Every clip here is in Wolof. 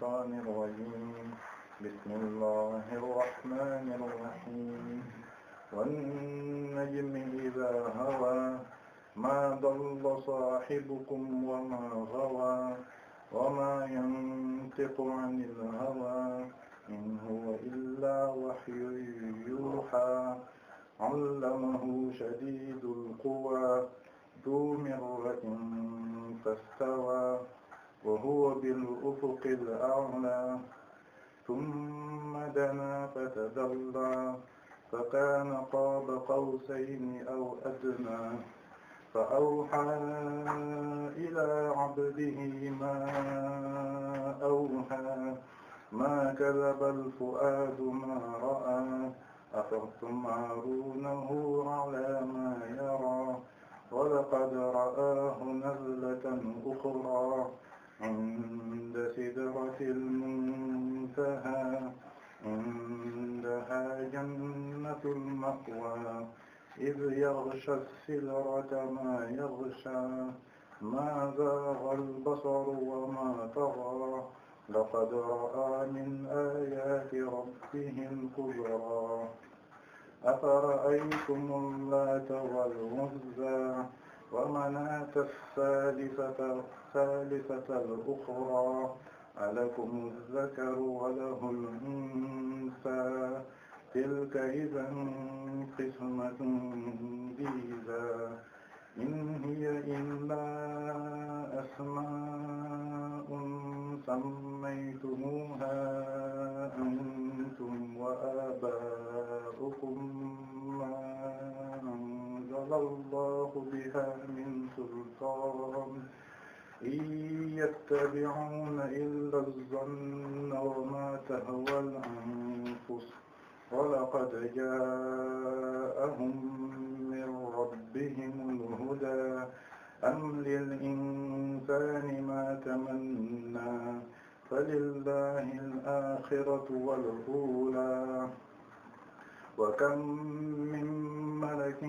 الشيطان الرجيم بسم الله الرحمن الرحيم والنجم إذا هوى ما ضل صاحبكم وما غوى وما ينطق عن الهوى إن هو إلا وحي يوحى علمه شديد القوى ذو مرة فاستوى wa huwa bil ufuqil a'laa thumma danaa fatadallaa fa kaana qaaba qawsayni aw adnaa fa awxaa ilaa cabdihi maa awxaa maa kadabal fu'aadu maa ra'aa أفتمارونه على ما يرى ولقد رآه نزلة أخرى inda sidratil muntaha indaha jannatul ma'wa iz yaghsha as-sidrata ma yaghsha ma zagha al-basaru wa ma tagha laqad ra'a min ayati rabbihi al-kubra afara'aytum al-laata wal-uzza ومناة الثالثة الثالثة الأخرى ألكم الذكر وله الأنثى تلك إذا قسمة ضيزى إن هي إلا أسماء سميتموها أنتم وآباؤكم الله بها من سلطان إن يتبعون إلا الظن وما تهوى الأنفس ولقد جاءهم من ربهم الهدى أم للإنسان ما تمنى فلله الآخرة والأولى وكم من ملك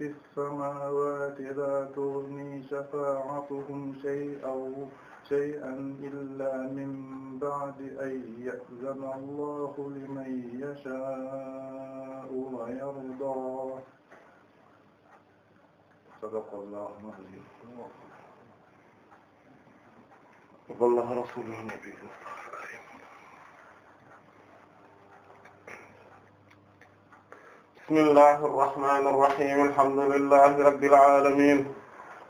في السماوات لا تغني شفاعتهم شيئا شيئا إلا من بعد أن يأذن الله لمن يشاء ويرضى صدق الله العظيم وبلغ رسوله النبي bismillahi irrahmani irrahim alhamdulillahi rabbil alamin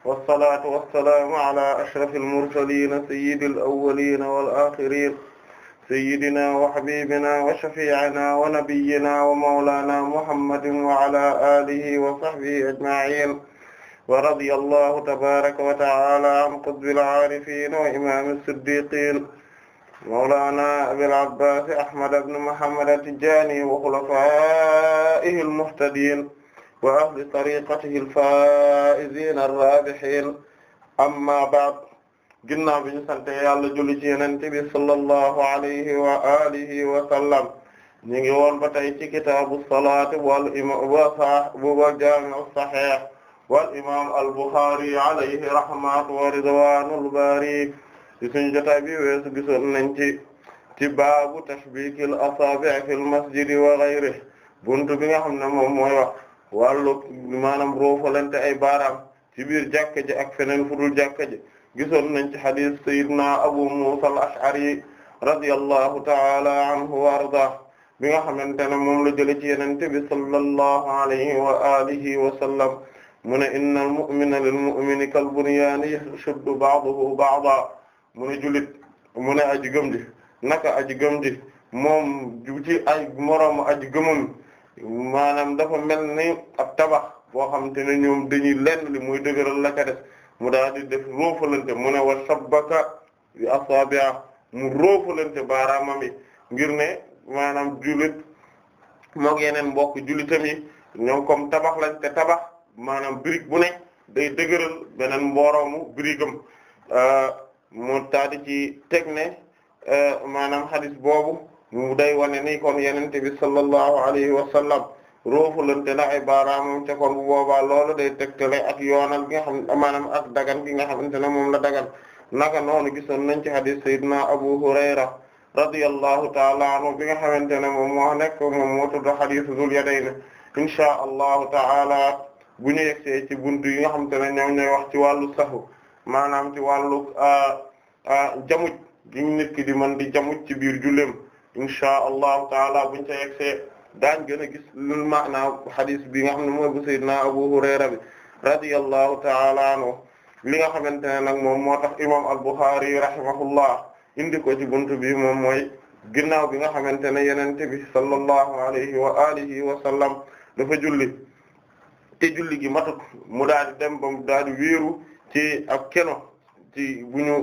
wassalatu wassalaamu ala ashrafi almursalin sayyidi alawalin walaxirin sayyidina wa habibina wa shafi'ina wa nabiyyina wa mawlana muhammadin wa ala alihi wa sahbihi ajma'in wa radiyallahu tabaraka wa ta'ala an qutbil arifin wa imam as-siddiqin mawlaana abil abbaas ahmad ibn muhammad at-tijaani wa xulafaa'ihi al-muhtadiin wa ahli tariiqatihi al-faa'iziina ar-raabihiin amma ba'd ginnaaw bi ñu sant yàlla julli ci Yonent bi sallallahu alayhi wa aalihi wa sallam ñu ngi woon ba tey ci kitaabu salaat wal jaami'u sahiih wal imaam al-Buxaari alayhi rahmatu wa ridwaanul baari ci suñu jotaay bi weesu gisoon nañ ci ci baabu tashbikil asaabi' fil masjidi wa ghayrihi buntu bi nga xam ne moom mooy wax wàllu maanaam roofalante ay baaraam ci biir jàkka ji ak feneen fu dul jàkka ji gisoon nañ ci hadith sayyidina abu musa al-ash'ari radiyallahu ta'ala anhu wa ardaah bi nga xamante ne moom la jële ci yenente bi sallallahu alayhi wa alihi wa sallam mu ne inna al-mu'mina lil-mu'mini kal-bunyaani yashuddu ba'duhu ba'dan mu ne jullit mu ne aji gëm ji naka aji gëm ji moom ci ay moroomu aji gëmam maanaam dafa mel ni ab tabax boo xamante ne ñoom dañuy lenn li muy dëgëral la def mu daal di def roofalante mu ne wa sabbaka bi asabi'a mu roofalante baaraamam yi ngir ne maanaam julit moo yeneen mbokk jullitam yi ñoom comme tabax lañ te tabax maanaam brique bu ne day dëgëral beneen mboroomu briqueam euh, mu taadi ci teg ne euh, maanaam hadis boobu mu day wane ni kon yenente bi sallallahu alayhi wa sallam roofulante na ay baaraamam ca kon bu boobaa loolu day tegtale ak yoonal gi nga xam maanaam ak dagan gi nga xamante ne moom la dagan naka noonu gisoon nañ ci hadis sayyidina Abu Hurayra radiyallahu taala anhu bi nga xamante ne moom moo nekk moom moo tudd hadisu Zul Yadayni inshaa allahu taala bu ñu yegsee ci buntu yi nga xamante ne ñoom ñooy wax ci wàllu sahu maanaam ci wàllu ah, ah, jamuj gi nit ki di man di jamuj ci biir julleem insha allahu taala buñ ca yegsee daañ gën a gis lul maanaam hadith bi nga xam ne mooy bu sayyidina Abu Hurayra bi radiyallahu taala anhu li nga xamante ne nag moom moo tax imam al-Bukhari rahimahullah indi ko ci buntu bi moom mooy ginnaaw bi nga xamante ne yenente bi sallallahu alayhi wa alihi wa sallam dafa julli te julli gi matut mu daal dem ba mu daal di ci ab keno ci bu ñu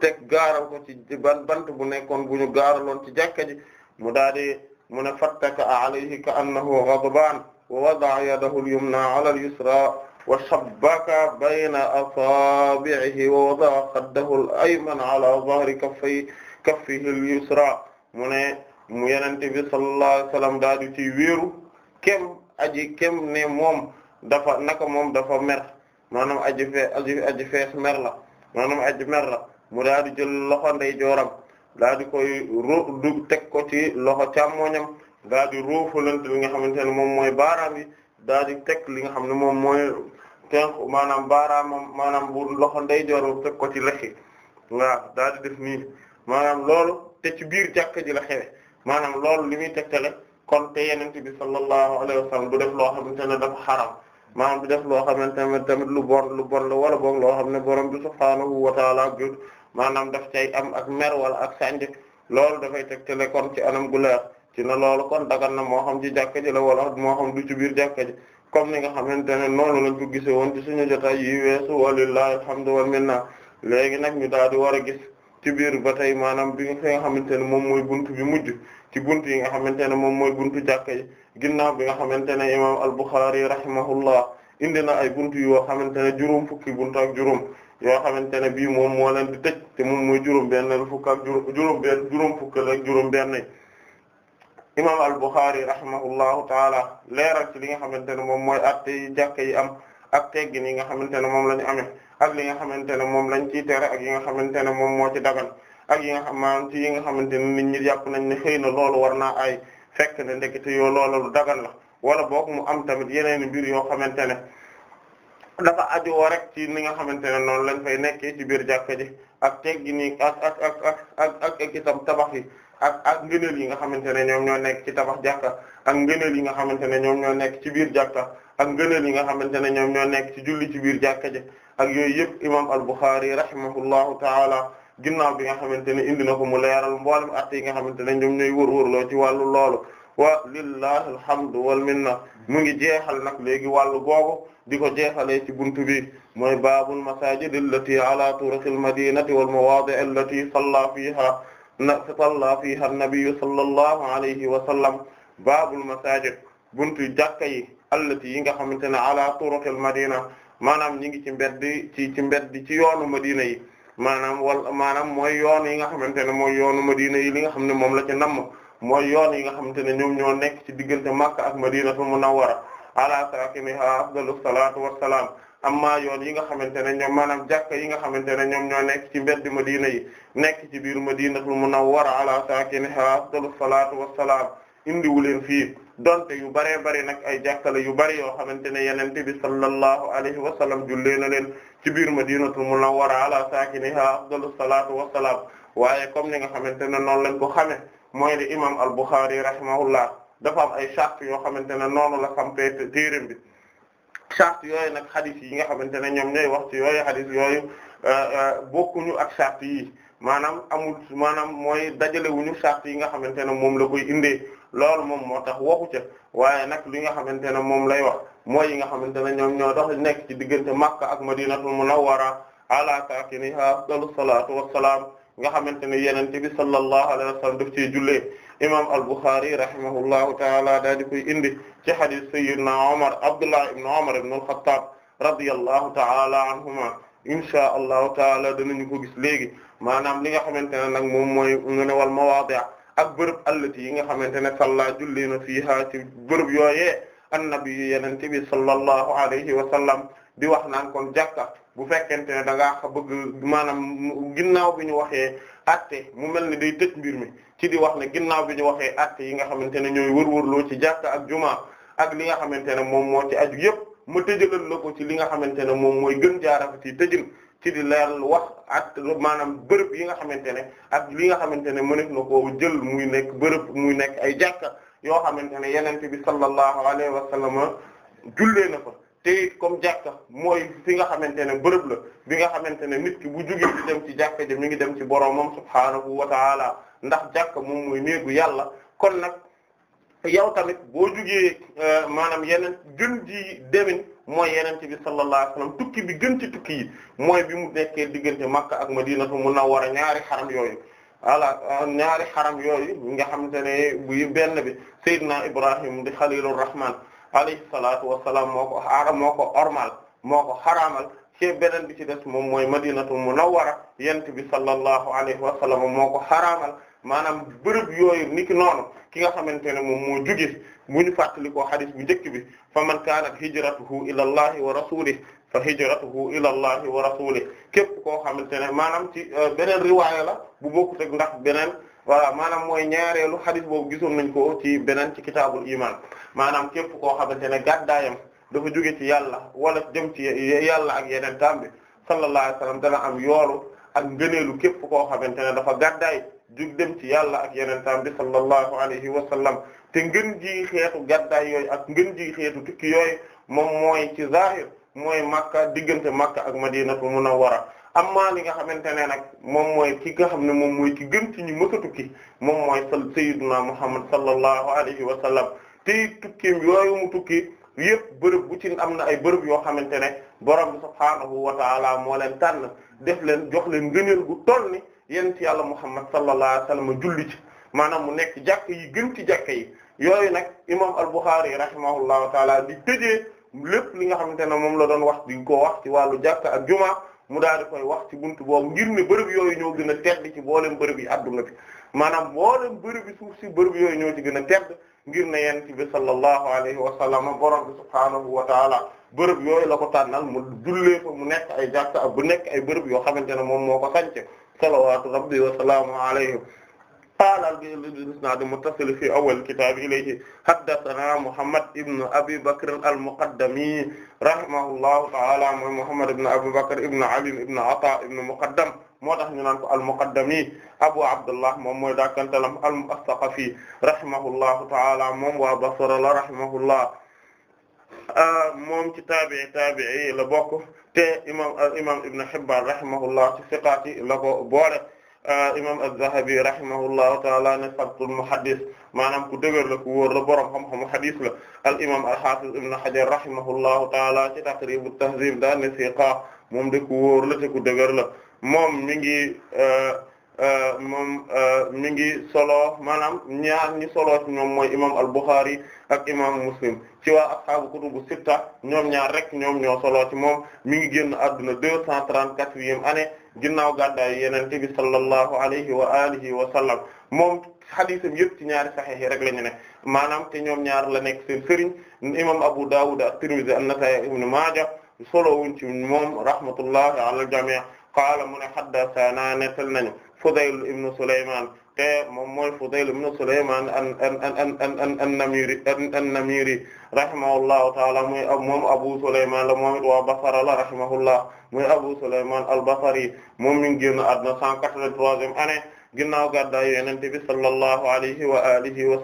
teg gaaral ko ci ban bant bu nekkoon bu ñu gaaraloon ci jàkka ji mu daal di mu ne fattaka alayhi ka annahu ghadbaan wa wada'a yadahu al-yumna ala al-yusra wa shabbaka bayna asaabi'ihi wa wada'a khaddahu al-ayman ala dhahri kaffayhi kaffihi al-yusra mu ne mu yenente bi sallallahu alayhi wa sallam daal di ci wéeru kem aji kem ne moom dafa naka moom dafa mer maanaam aji fee aji aji fees la maanaam aji la mu daal di jël loxo ndeyjooram daal di koy ro du teg ko ci loxo càmmoñam daal di roofalante li nga xamante ne moom mooy baaraam yi daal di teg li nga xam ne moom mooy tenk maanaam baaraamam maanaam bu loxo ndeyjooram teg ko ci lexi waaw daal di def nii maanaam loolu te ci biir jàkka ji la xewe maanaam loolu li muy tegtale kon te yenente bi sallallahu alayhi wa du def loo xamante ne dafa xaram maanaam di def loo xamante ne tamit lu bon lu bon la wala boog loo xam ne borom bi subhaanahu wa taala maanaam daf cay am ak mer wala ak sànj loolu dafay te kon ci anam gu leer ci na loolu kon dagan na moo xam ci jàkka ji la wala moo xam du ci biir jàkka ji comme ni nga xamante ne noonu lañ ko gisee woon ci suñu jotaay yi weesu walillahi alhamdu wal minna léegi nag ñu daal di war a gis ci biir ba tey maanaam bi nga xamante ne moom mooy bunt bi mujj ci yi nga xamante ne moom mooy buntu jàkka yi ginnaaw bi nga xamante ne imam al-Bukhari rahimahullah indi na ay buntu yoo xamante ne juróom fukki buntu ak juróom yoo xamante ne bii moom moo leen di tëj te moom mooy juróom benn fukk ak juróom benn juróom fukk ak juróom benn imam al-Bukhari rahimahullahu taala leeral ci li nga xamante ne moom mooy atte yi yi am ak teggin yi nga xamante ne moom la ñu amee ak li nga xamante ne moom lañ ciy tere ak yi nga xamante ne moom moo ci dagan ak yi nga xam maanaam ci yi nga xamante ne nit ñi jàpp nañ ne xëy na loolu war naa ay fekk ne ndekete yoo loola lu dagan la wala boog mu am tamit yeneen mbir yoo xamante ne dafa ajowoo rek ci ni nga xamante ne noonu lañ fay nekkee ci biir jàkka ji ak teggi tabax yi ak ak ngëneel yi nga xamante ne ñoom ñoo nekk ci tabax jàkka ak ngëneel yi nga xamante ne ñoom ñoo nekk ci biir jàkka ak ngëneel yi nga xamante ne ñoom ñoo nekk ci julli ci biir jàkka ji ak yooyu yëpp imam al-Bukhari rahimahullahu taala ginnaaw bi nga xamante ne indi na ko mu leeral mboolem at yi nga xamante ne ñoom ñooy wër-wërloo ci wàllu loolu wa lillahi alhamdu wal minna mu ngi jeexal nag léegi wàllu googu di ko jeexalee ci buntu bi mooy baabul masajid allati ala turqil madinati wal mawadi' allati salla fiha na salla fiha an-nabiy sallallahu alayhi wa sallam baabul masajid buntu jàkka yi allati yi nga xamante ne ala turqil madina maanaam ñi ngi ci mbedd ci ci mbedd ci yoonu madina yi maanaam wala maanaam mooy yoon yi nga xamante ne mooy yoonu Madina yi li nga xam ne moom la ci namm mooy yoon yi nga xamante ne ñoom ñoo nekk ci diggante Makka ak mu Madinatu Munawwara ala sakiniha afdalu salaatu wassalaam amma yoon yi nga xamante ne ñoom maanaam jàkka yi nga xamante ne ñoom ñoo nekk ci mbedd Madina yi nekk ci biir Madinatul Munawwara ala sakiniha afdalu salaatu wassalaam indiwu leen fii donte yu baree bari nag ay jàkkale yu bari yoo xamante ne yenente bi sallallahu alayhi wa sallam jullee na leen ci biir madinatul munawwara ala saakiniha afdalus wa wassalaam waaye comme ni nga xamante ne noonu lañ ko xame mooy ne imam al-Bukhari rahimahullah dafa am ay charte yoo xamante ne noonu la sampee téerim bi charte yooyu nag xadis yi nga xamante ne ñoom ñooy wax ci yooyu xadis yooyu euh, euh, bokkuñu ak charte yi maanaam amul maanaam mooy dajale wuñu charte yi nga xamante ne moom la koy indee loolu moom moo tax waxu ca waaye nag li nga xamante ne moom lay wax mooy yi nga xamante ne ñoom ñoo dox nekk ci diggante Makka ak Madinatul Munawwara ala saakiniha afdalu salaatu wassalaam nga xamante ne yonent bi sallallahu alayhi wa sallam daf ci jullee imam al-Bukhari rahimahullahu taala daal di koy indi ci hadith sayyidina Umar Abdullah ibn Umar ibn al-Khattab radiyallahu taala anhuma insha allahu taala danañu ko gis léegi maanaam li nga xamante ne nag moom mooy mu ak bërëb allati yi nga xamante ne salla julli na fiiha ci bërëb yooyee annabi yu yenente bi sallallahu alayhi wa sallam di wax naan kon jàkka bu fekkente ne da ngaa bëgg maanaam ginnaaw bi ñu waxee atte mu mel ni day tëj mbir mi ci di wax ne ginnaaw bi ñu waxee atte yi nga xamante ne ñooy loo ci jàkka ak jumaa ak li nga xamante ne moom moo ci aju yëpp ma tëjalal la ko ci li nga xamante ne moom mooy gën jaarafat yi tëjal ci di leer wax at maanaam bërëb yi nga xamante ne ak li nga xamante ne mëneef na koo jël muy nekk bërëb muy nekk ay jàkka yoo xamante ne yenente bi sallallahu alayhi wa sallam jullee na fa te it comme jàkka mooy fi nga xamante ne bërëb la bi nga xamante ne nit ki bu jugee di dem ci jàkka ji mi ngi dem ci boroomam subhaanahu wa taala ndax jàkka moom mooy néegu yàlla kon nag yow tamit boo jugee eh, maanaam yeneen jën ji demin mooy yenente bi sallallahu alayhi wasallam tukki bi gën ci tukki yi mooy bi mu nekkee diggante Makka ak Madinatu Munawwara ñaari xaram yooyu voilà ñaari xaram yooyu nga xamante ne bu benn bi Seydina Ibrahim di Xaliilur Rahmaan alayhi salaatu wassalaam moo ko xaaram moo ko ormal moo ko xaraamal ci beneen bi ci des moom mooy Madinatu Munawwara yent bi sallallahu alayhi wasallam moo ko xaraamal maanaam bërëb yooyu niki noonu ki nga xamante ne moom moo juge mu ñu fàttali ko xadis bu njëkk bi fa man kaanat hijratuhu ila allahi wa rasulih fa hijratuhu ila allahi wa rasulih képp koo xamante ne maanaam ci euh, beneen riwaaya la bu bokkut ak ndax beneen voilà maanaam mooy ñaareelu xadis boobu gisoon nañ ko ci beneen ci kitaabul iman maanaam képp koo xamante ne gàddaayam dafa jóge ci yàlla wala jëm ci yàlla ak yeneen tam bi sallallahu alayhi dana am yoolu ak ngëneelu képp koo xamante ne dafa gàddaay jug dem ci yàlla ak yenentaan bi sallallahu alayhi wa sallam te ngën ji xeetu gaddaay yooyu ak ngën ji xeetu tukki yooy moom mooy ci zahir mooy makka diggante makka ak madinatu munawwara amma li nga xamante ne nag moom mooy ki nga xam ne moom mooy ki gën ci ñu mësa tukki moom mooy sayyiduna muhammad sallallahu alayhi wa sallam te tukki yooyu mu tukki yëpp bërëb bu ci am na ay bërëb yoo xamante ne borom bi subhaanahu wa taala moo leen tànn def leen jox leen ngëneel gu toll ni yonent yàlla Muhammad sallallahu alayhi wa sallam julli ci maanaam mu nekk jàkk yi gën ci jàkk yi yooyu nag imam al-Bukhari rahimahullahu taala di tëjee lépp li nga xamante ne moom la doon wax di ko wax ci wàllu jàkk ak juma mu daal di koy wax ci bunt boobu ngir ne bërëb yooyu ñoo gën a tedd ci mboolem bërëb yi adduna bi maanaam mboolem bërëb suuf si bërëb yooyu ñoo ci gën a tedd ngir ne yonent bi sallallahu alayhi wa sallam borom bi subhaanahu wa taala bërëb yooyu la ko tànnal mu jullee mu nekk ay jàkk ak bu nekk ay bërëb yoo xamante ne moom moo ko sànce salawaatu rabbi wa salaamu alayhi qaala bi-isnaadin muttasil fi awwal kitaab ilayhi haddasanaa Muhammad ibn Abi Bakr al-Muqaddami rahimahullahu ta'aala mooy Muhammad ibn Abi Bakr ibn Ali ibn Ataa ibn Muqaddam moo tax ñu naan ko al-Muqaddami Abu Abdullah moom mooy daakantalam al-Saqafi rahimahullahu ta'aala moom waa Basra la rahimahullah Euh, moom ci taabii taabii la bokk te imam euh, imam Ibn Hibban rahimahullah ci siqaat yi la ko boole euh, imam Az-Zahabi rahimahullahu taala ne sabtul muhaddis maanaam ku dëgër la ku wóor la borom xam-xamu hadis la al imam al-Hafiz Ibn Hajar rahimahullahu taala ci Taqrib at-Tahdhib daa ne siqa moom de ku wóor la te ku dëgër la moom mi ngi Euh, moom euh, mi ngi solo maanaam ñaar ñi solo ci ñoom mooy imam al-Bukhari ak imam Muslim ci waa ashaabu kutubu sitta ñoom ñaar rek ñoom ñoo solo ci moom mi ngi génn adduna deux cent trente-quatrième année ginnaaw gàddaay Yonent bi sallallahu alayhi wa alihi wa sallam moom xadiisam yëpp ci ñaari saxiix yi rek la ñu ne maanaam te ñoom ñaar la nekk seen sëriñ imam Abu Dawud ak Tirmidhi an-Nasa'i ibn Maaja solo wuñ ci moom rahmatullahi ala al-jamii' qaala mu ne haddathana nettal nañu Fudayl ibn Sulaymaan te moom mooy Fudayl ibn Sulaymaan an an an an an-Namiri an-Namiri rahimahullahu ta'ala muy moom Abu Sulaymaan la moom it waa Basra la rahimahullah muy Abu Sulaymaan al-Basri moom mi ngi génn àdduna 183e année ginnaaw gàddaay Yonent bi sallallahu alayhi wa alihi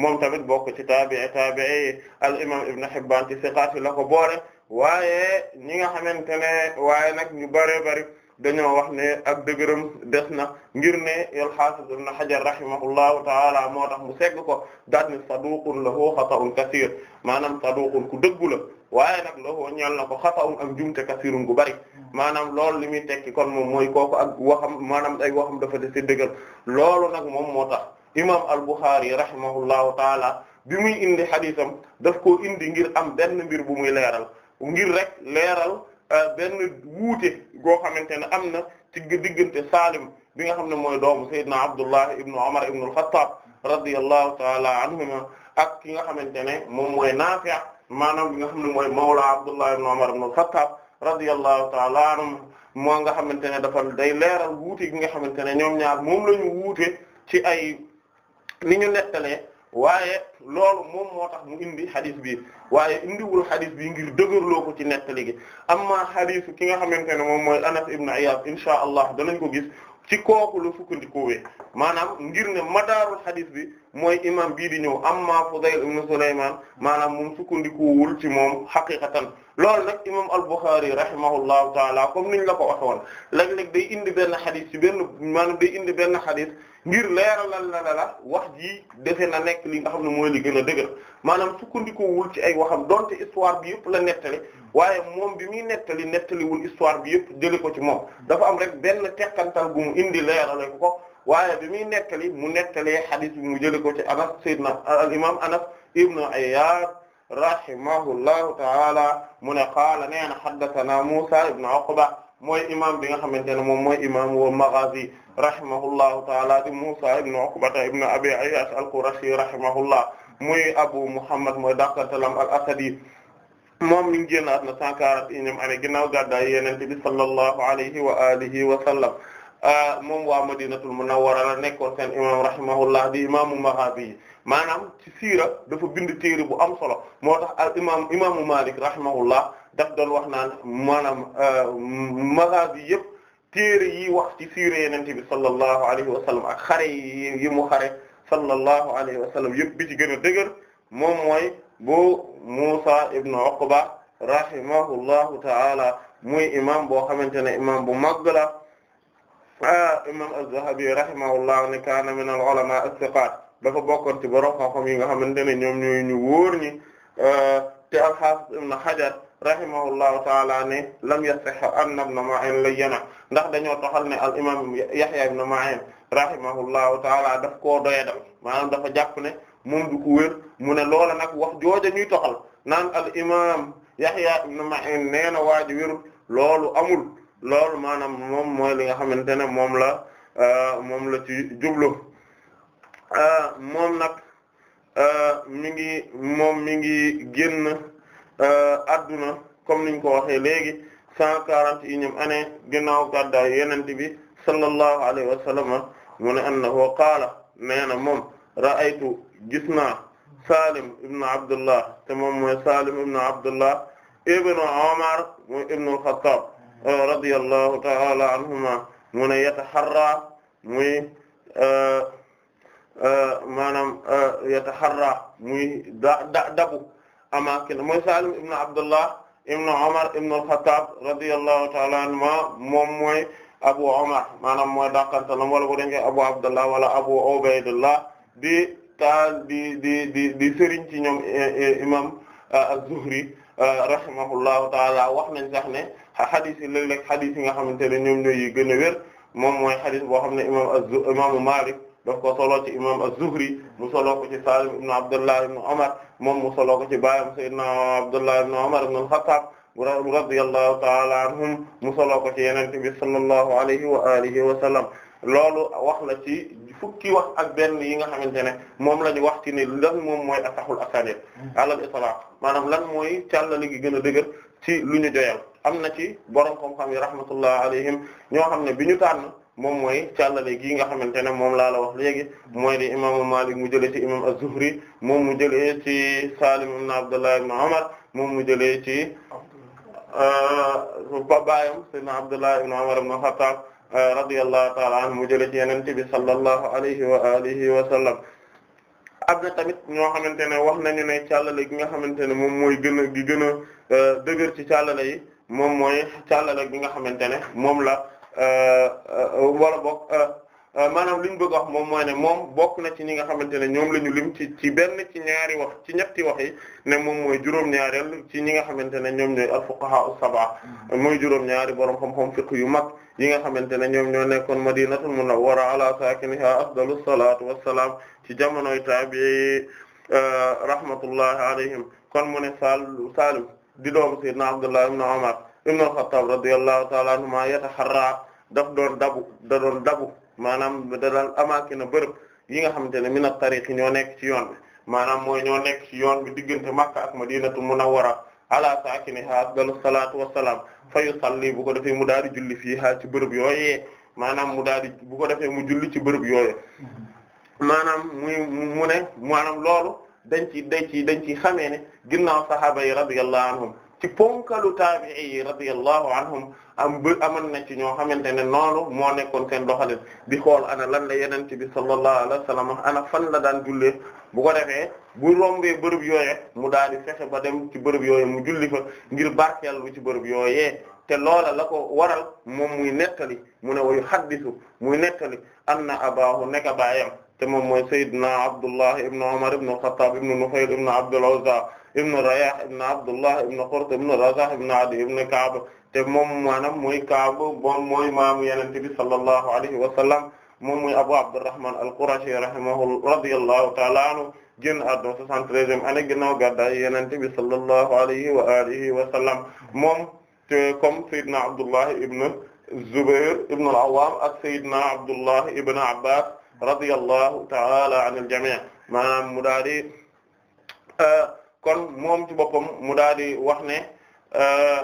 wa tamit bokk ci taabi'i taabi'i al-imaam Ibn Hibbaan ci siqaati la ko boole waaye ñi nga xamante ne waaye nag ñu bëree bëri. dañoo wax ne ak dëgërëm des na ngir ne al-Hafiz ibn Hajar rahimahullahu taala moo tax mu segg ko daat ni saduqun lahu xata'un kasiir maanaam saduqun ku dëggu la waaye nag lahu ñeel na ko xata'un am jumte kasiirun gu bari maanaam loolu li muy tekki kon moom mooy kooku ak waxam maanaam ay waxam dafa des dëgër loolu nag moom moo tax imam al-Bukhari rahimahullahu taala bi muy indi xadiisam daf koo indi ngir am benn mbir bu muy leeral ngir rek leeral Euh, benn wuute goo xamante ne am na ci diggante Salim bi nga xam ne mooy doomu Seydina Abdullah ibnu Umar ibnu al-Khattab radiyallahu ta'ala anhuma ak ki nga xamante ne moom mooy Nafi' maanaam bi nga xam ne mooy mawla Abdullah ibnu Umar ibnu al-Khattab radiyallahu ta'ala anhum moo nga xamante ne dafa day leera wuute gi nga xamante ne ñoom ñaar moom la ñu wuute ci ay ni ñu nettalee waaye loolu moom moo tax mu indi xadis bi waaye indiwul xadis bi ngir dëgërloo ko ci nettali gi amma xadisu ki nga xamante ne moom mooy Anas ibn Iyad insha allah danañ ko gis ci kooku la fukkandikoowee maanaam ngir ne madaarul xadis bi mooy imam bii di ñëw amma Fudayl ibn Sulaymaan maanaam moom sukkandikoowul ci moom xaqiqatan loolu nak imam al-Bukhari rahimahullahu taala comme niñ la ko waxoon léeg-léeg day indi benn xadis ci benn maan day indi benn xadis ngir leeralal la la la wax ji defe na nekk li nga xam ne mooy li gën a dëgër maanaam sukkandikoowul ci ay waxam donte histoire bi yëpp la nettali waaye moom bi muy nettali nettaliwul histoire bi yëpp jëlee ko ci moom dafa am rek benn tekkantal gu mu indi leerale ko ko waaye bi muy nettali mu nettalee xadis mu jëlee ko ci Anas Seydina al imam Anas ibn Ayyad rahimahullahu taala mu ne qaala nee na haddathana Musa ibn Uqba mooy imam bi nga xamante ne moom mooy imam wa Maghazi rahimahullahu taala di Musa ibn Uqbata ibn Abi Ayyash al-Qurashi rahimahullah muy Abu Muhammad mooy dàqantalam al-Asadi moom mi ngi génnaat na 140 ñoom année ginnaaw gàddaay Yonent bi sallallahu alayhi wa alihi wa sallam ah, moom waa Madinatul Munawwara la nekkoon seen imaam rahimahullah di imaamu Maghazi maanaam ci siira dafa bind téere bu am solo moo tax al imaam imaamu Malik rahimahullah daf doon wax naan maanaam ah, Maghazi yëpp. téere yi wax ci siire yenente bi sallallahu alayhi wa sallam ak yi mu xare sallallahu alayhi wa sallam yëpp bi ci gën a dëgër moom mooy bu Musa ibn Uqba rahimahullahu ta'ala muy imam boo xamante ne imam bu màgg la ah, imam Az-Zahabi rahimahullah ne kaana min al-ulama as-siqat dafa bokkoon ci yi nga xamante ne ñoom ñooy ñu wóor ñi ah, rahimahullahu taala ne lam yasihha anna ibn Ma'in layyana ndax dañoo toxal ne al imam Yahya ibn Ma'in rahimahullahu taala daf koo doyadal maanaam dafa jàpp ne moom du ko wér mu ne loola nag wax jooja ñuy toxal naan al imam Yahya ibn Ma'in nee na waa ji wérul loolu amul loolu maanaam moom mooy li nga xamante ne moom la euh, moom la ci jublu euh, moom nag euh, mi ngi moom mi ngi génn Euh, adduna comme niñ ko waxee léegi cent quarante et unième année ginnaaw gàddaay yonent bi sallallahu alayhi wa sallam mu ne qaala nee na moom ra'aytu gis naa Salim ibn Abdullah te moom mooy Salim ibn Abdullah ibn Umar mooy ibn al-Khattab radiyallahu ta'ala anhuma mu ne muy euh, euh, maanaam amakin mooy Salim ibn Abdullah ibn Umar ibn al-Khattab radiyallahu ta'ala anhuma moom mooy Abu Umar maanaam mooy dàqantalam wala bu denge Abu Abdullah wala Abu Ubaydullah di taal di di di di sëriñ ci ñoom imam az-Zuhri rahimahullahu ta'ala wax nañ sax ne xadis yi léeg-léeg xadis yi nga xamante ne ñoom ñooy yi gën a moom mooy xadis boo xam ne imam az imaamu Malik daf ko solo ci imam az-Zuhri mu solo ko ci Salim ibn Abdullah ibn Umar moom mu ko ci baayam sayyidina Abdullah ibn Umar ibn al-Khattab radiyallahu ta'ala anhum mu solo ko ci Yonent bi sallallahu alayhi wa alihi wa sallam wax la ci fukki wax ak benn yi nga xamante ne moom la ñu wax ci ne lan moom mooy asaxul asanid alal itlaq maanaam lan mooy càllali gi gën a dëgër ci lu ñu joyal am na ci borom xam-xam yi rahmatullah alayhim ñoo xam ne bi ñu tànn moom mooy càllale gi nga xamante ne moom laa la wax léegi mooy di imaamu Malik mu jëlee ci imam Az-Zuhri moom mu jëlee ci Salim ibn Abdullah ibn Umar moom mu jëlee ci euh, baayam sayyidina Abdullah ibn Umar ibn Khattab euh, radiyallahu ta'ala anhu mu jëlee ci Yonent bi sallallahu alayhi wa alihi wa sallam tamit ñoo xamante ne wax nañu ne càllale gi nga xamante ne moom mooy gëna gi gën a euh, dëgër ci càllale yi moom mooy càllale gi nga xamante ne moom la Euh, euh, wala boog euh, maanaam li ñu bëgg wax moom mooy ne moom bokk na ci ñi nga xamante ne ñoom lañu ñu lim ci ci benn ci ñaari wax ci ñetti wax yi ne moom mooy juróom-ñaareel ci ñi nga xamante ne ñoom ñooy mooy mm. juróom-ñaari borom xam-xam yu mag yi xamante ne ñoom ñoo nekkoon madinatul munawwara ala sakiniha afdalu salaatu wassalaam ci jamonoy taabi'i rahmatullahi alayhim kon mu ne Saalum Saalum di doomu sayyidina Abdullah ibn ibn al-Khattab radiyallahu ta'ala anhuma yataharra daf doon dabu da doon dabu maanaam da daal amaakina bërëb yi nga xamante ne min at-tariq ñoo nekk ci yoon bi maanaam mooy ñoo nekk ci yoon bi diggante Makka ak Madinatu Munawwara ala saakinihaa afdalu salaatu wassalaam fa yusalli bu ko defee mu daal di julli fiihaa ci bërëb yooyee maanaam mu daal di bu ko defee mu julli ci bërëb yooyee maanaam muy mu ne maanaam loolu dañ ci dañ ci dañ ci xamee ne ginnaaw sahaaba yi radiyallahu anhum ci ponkalu taabi'i yi radiyallahu anhum am ba amoon na ci ñoo xamante ne noonu moo nekkoon seen doxalin di xool ana lan la yonent bi sallallahu alayhi wa sallam ana fan la daan jullee bu ko defee bu rombee bërëb yooyee mu daal di fexe ba dem ci bërëb yooyee mu julli fa ngir barkeel lu ci bërëb yooyee te loola la ko waral moom muy nettali mu ne wayu xaddisu muy nettali anna abaahu nekk baayam te moom mooy Seydina Abdullah ibn Umar ibn Khattab ibn Nufayl ibn Abdul ibnu Rayah ibnu Abdullah ibnu Qurt ibnu Razah ibnu Adi ibnu Ka'b te moom maanaam mooy Ka'b moom mooy maamu Yonent bi sallallahu alayhi wa sallam moom mooy Abu Abdurrahman al-Qurashi rahimahu radiyallahu ta'ala anhu génn àdduna 73e année ginnaaw gàddaay Yonent bi sallallahu alayhi wa alihi wa sallam moom te comme Seydina Abdullah ibn Zubair ibn al-Awwam ak Seydina Abdullah ibn Abbas radiyallahu ta'ala anil jami' maanaam mu daal di euh, kon moom ci boppam mu daal di wax ne euh,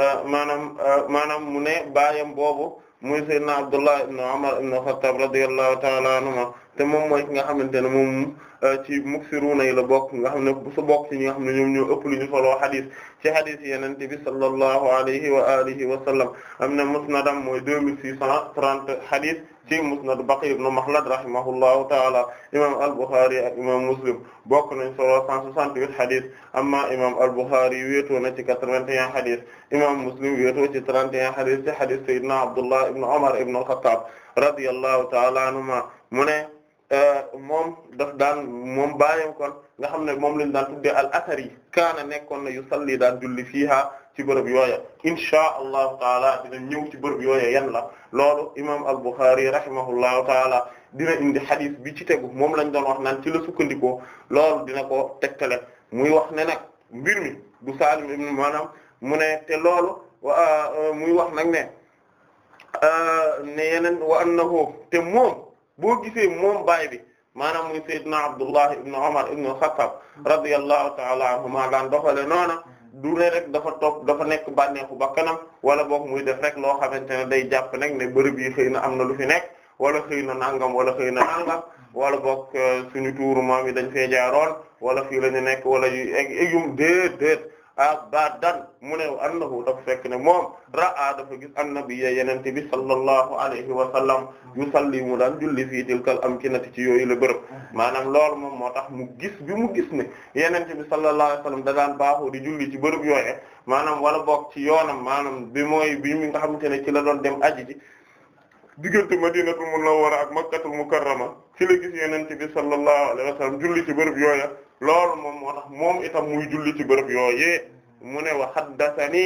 euh, maanaam euh, maanaam mu ne baayam boobu muy sayyidina Abdullah ibn Umar ibn Khattab radiyallahu ta'ala anhuma te moom mooy ki nga xamante ne moom euh, ci muksiruuna yi la bokk nga xam ne su bokk ci ñi nga xam ne ñoom ñoo ëpp lu ñu soloo xadis ci xadis Yonent bi sallallahu alayhi wa alihi wa sallam am na musnadam mooy deux mille six cent trente xadis ci musnad Baqi ibn Makhlad rahimahullahu taala imam al-Bukhari ak imam Muslim bokk nañ solo 168 xadis amma imam al-Bukhari wéetoo na ci 81 xadis imam Muslim wéetoo ci 31 xadis ci xadis Sayyidina Abdullah ibn Umar ibn al-Khattab radiyallahu taala anhuma mu ne Euh, moom daf daan moom bàyyam kon nga xam ne moom lañ daan tuddee al asari kaana nekkoon na yu salli daan julli fiiha ci bërëb yooya inshaa allahu taala dina ñëw ci bërëb yooya yan la loolu imam al Bukhari rahimahullahu taala dina indi hadith bi ci tegu moom lañ doon wax naan ci la sukkandikoo loolu dina ko tegtale muy wax ne nag mbir mi du Saalim ibn maanaam mu ne te loolu euh, muy wax nag ne euh, ne yenen wa annahu te moom boo gisee moom baay bi maanaam muy sayyidina Abdullah ibn Umar ibn Khattab radiyallahu ta'ala anhuma daan doxale noona du ne rek dafa topp dafa nekk bànneexu bakkanam wala boog muy def rek loo xamante ne day jàpp nag ne bërëb bi xëy na am na lu fi nekk wala xëy na nangam wala xëy na nangam wala boog euh, suñu tuuru maam yi dañ fee jaaroon wala fii la ñu nekk wala yu egg eggum déet abadan mu ne annahu dafa fekke ne moom ra'a dafa gis annabiyya yenente bi sallallahu alayhi wa sallam yusalli mu daan julli fii tilkal amkinati ci yooyu la bërëb maanaam lool moom moo tax mu gis bi mu gis ne yenente bi sallallahu alayhi wa sallam da baaxoo di julli ci bërëb yooye maanaam wala bokk ci yoonam maanaam bi mooy bi mi nga xamante ne ci la doon dem aji ji diggante madinatul munawwara ak makkatul mukarrama ci la gis yenente bi sallallahu alayhi wa sallam julli ci bërëb yooya loolu moom moo tax moom itam muy julli ci bërëb yooyee mu ne wa haddathani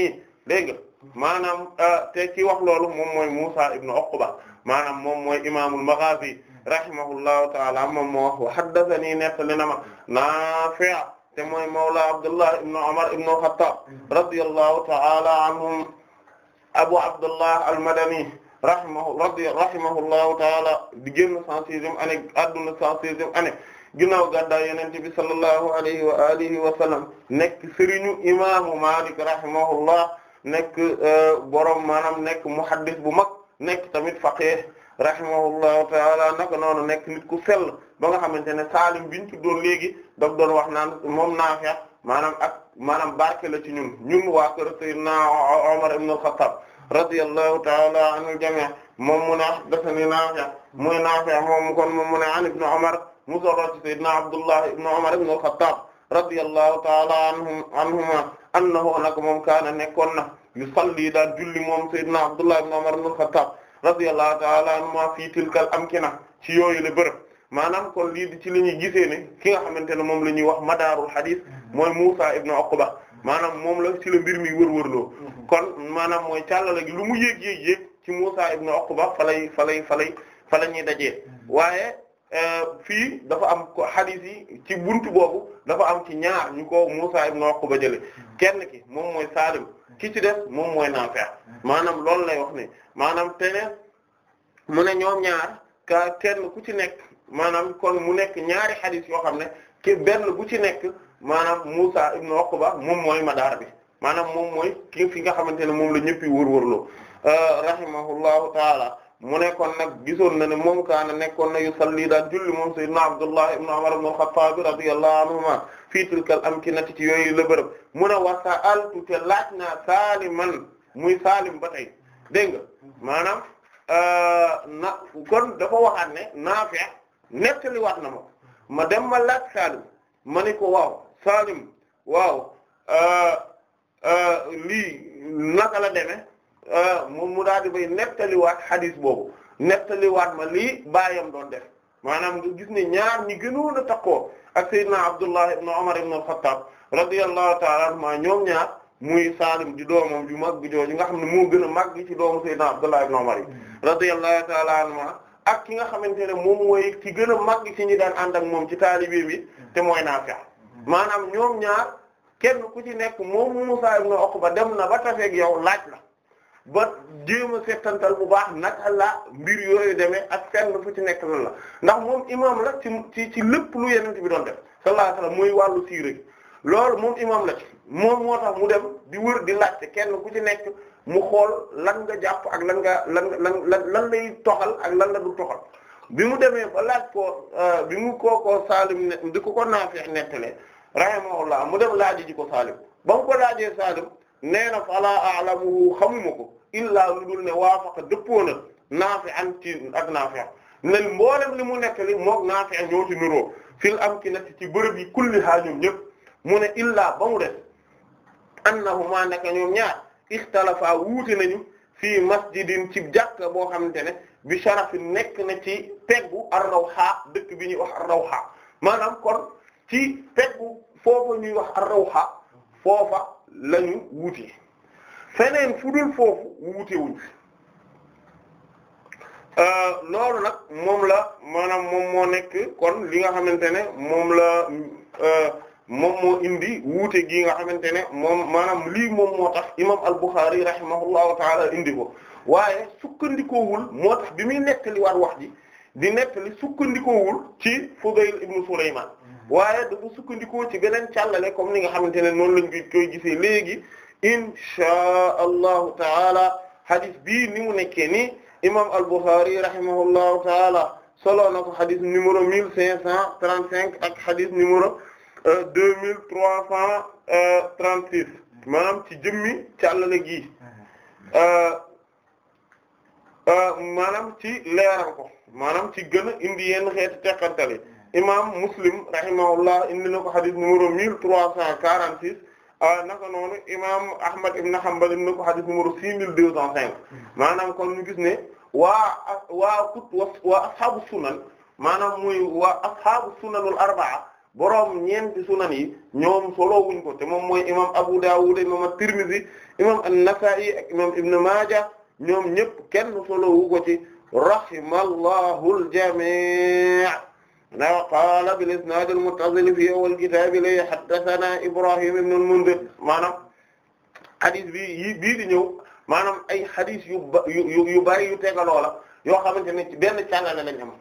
dégg nga maanaam euh, te ki wax loolu moom mooy Musa ibn Uqba maanaam moom mooy imaamul Maghazi rahimahullahu ta'ala moom moo wax wa haddathani nettali na ma Nafi' te mooy mawla Abdullah ibn Umar ibn Khattab radiyallahu ta'ala anhum Abu Abdullah al-Madani rahimahu radiyallahu ta'ala di génn 106e année adduna 106e année ginnaaw gàddaay yonent bi sallallahu alayhi wa alihi wa sallam nekk sëriñu imaamu Maalik rahimahullah nekk euh, borom maanaam nekk muhaddis bu mag nekk tamit faqih rahimahullahu taala naka noonu nekk nit ku sell ba nga xamante ne Saalim biñ tuddoon léegi daf doon wax naan moom Naafi' maanaam ak maanaam barke la ci ñun ñun waa kër Sayyidina muy Naafi' moom kon moom mu ibn Umar mu solo ci sayyidina Abdullah ibn Umar ibn al-Khattab radiyallahu ta'ala anhum anhuma annahu nak moom kaana nekkoon na yusalli daal julli moom sayyidina Abdullah ibn Umar ibn al-Khattab radiyallahu ta'ala anhuma fi tilkal amkina ci yooyu la bërëb maanam kon lii ci li ñuy gisee ki nga xamante ne moom la ñuy wax madaarul hadith mooy Musa ibn Uqba maanaam moom la ci la mbir mi wërwërloo kon maanaam mooy càllala gi lu mu yéeg yéeg yéeg ci Musa ibn Uqba falay falay falay fa la ñuy dajee waaye Euh, fii dafa am hadith yi ci bunt boobu dafa am ci ñaar ñu ko Musa ibn Uqba jële kenn ki moom mooy Salim ki ci def moom mooy Nafi' maanaam loolu lay wax ne maanaam te ne mu ne ñoom ñaar ka kenn ku ci nekk maanaam kon mu nekk ñaari hadith yoo xam ne ki benn ku ci nekk maanaam Musa ibn Uqba moom mooy madaar bi maanaam moom mooy ki fi nga xamante ne moom la ñëpp wër wërloo euh, rahimahullahu taala mu ne kon gisoon na ne moom kaana nekkoon na yusalli daan julli moom sayyidina Abdullah ibn Umar ibn al-Khattab radiyallahu anhuma fii tilkal amkinati ci yooyu la bërëb mu na wa sa'altu te laaj naa Saaliman muy Saalim ba tey dégg nga maanaam euh, na kon dafa waxaat ne Naafi' nettaliwaat na ma ma dem ma laaj Saalim ma ne ko waaw Saalim waaw euh, euh, lii naka la demee Euh, moom mu daal di bay nettaliwaat hadith boobu nettaliwaat ma lii baayam doon def maanaam nga gis ne ñaar ñi gënoon a takkoo ak Seydina Abdullah ibn Umar ibn al-Khattab radiyallahu ta'ala anhuma ñoom ñaar muy Saalim di doomam yu mag bi jooju nga xam ne moo gën a màgg ci doomu Seydina Abdullah ibn Umar yi radiyallahu ta'ala anhuma ak ki nga xamante ne moom woy ci gën a màgg ci ñi daan ànd ak moom ci taalibe bi te mooy Naafi' maanaam ñoom ñaar kenn ku ci nekk moom Muusaa dem na ba tafeeg yow laaj la ba jéem a settantal bu baax naka la mbir yooyu demee ak fenn fu ci nekk lan la ndax moom imaam la ci ci ci lépp lu yenent bi doon def sallallahu alayhi wasallam muy wàllu siire gi loolu moom imaam la ci moom moo tax mu dem di wër di laaj laajte kenn ku ci nekk mu xool lan nga jàpp ak lan nga lan lan lan lay toxal ak lan la du toxal bi mu demee ba laaj ko euh, bi mu kookoo Saalim di ko ko nekk ne Naafi' nettale rahimahullah mu dem laaji ji ko Saalim ba mu ko laajee Saalim nee na falaa a'lamu xamuma ko illaa lu dul ne waafaqa dëppoo na Naafi an ci ak Naafi ne mboolem li mu nekk li moom Naafi ñoo ci niroo fil amkinati ci bërëb yi kullihaa ñoom ñëpp mu ne illaa ba mu def annahumaa nekk ñoom ñaar ixtalafa wuute nañu fii masjidin ci jàkka boo xamante ne bi sharafin nekk na ci peggu ar-Rawha dëkk bi ñuy wax ar-Rawha maanaam kon ci peggu foofa ñuy wax ar-Rawha foofa. lañu wuute feneen fu dul foofu wuute euh, loolu nag moom la maanaam moom moo nekk kon li nga xamante ne moom la euh, moom moo indi wuute gi nga xamante ne moom maanaam lii moom moo tax imam al-Bukhari rahimahullahu taala indi ko waaye sukkandikoowul moo tax bi muy nettali waat wax ji di nettali sukkandikoowul ci Fudayl ibn Sulaymaan waaye dafa sukkandikoo ci beneen càllale comme ni nga xamante ne gi lañ koy gisee léegi inchaa allahu taala hadith bi ni mu nekkee ni imam al-Bukhari rahimahullahu taala solo na ko hadith numéro mille cinq cent trente cinq ak hadith numéro euh, deux mille trois cent euh, trente six maanaam ci jëmmi càllale gi mm-hmm. euh, maanaam ci leeral ko maanaam ci gën a indi yenn xeeti teqantali imam Muslim rahimahullah indi na ko xadis numéro mille trois cent quarante six ah, naka noonu imam Ahmad ibn Hanbal indi ko xadis numéro six kon ñu gis ne waa waa kut wa waa ashaabu sunan maanaam muy wa ashaabu sunanul arbaa boroom ñeenti sunan yi ñoom ko te moom mooy imam Abu Dawud imam at-Tirmidhi imam an-Nasa'i ak imam Ibn Maaja ñoom ñëpp kenn solo wu ko ci rahimallahu al-jami' wa qaala bil isnaad al muttasil fi awwal kitaab li haddathanaa Ibraahiim ibn al Mundhir maanaam hadith bi yii bii di ñëw maanaam ay hadith yu yu bari yu tegaloo la yoo xamante ne ci benn càllale lañ am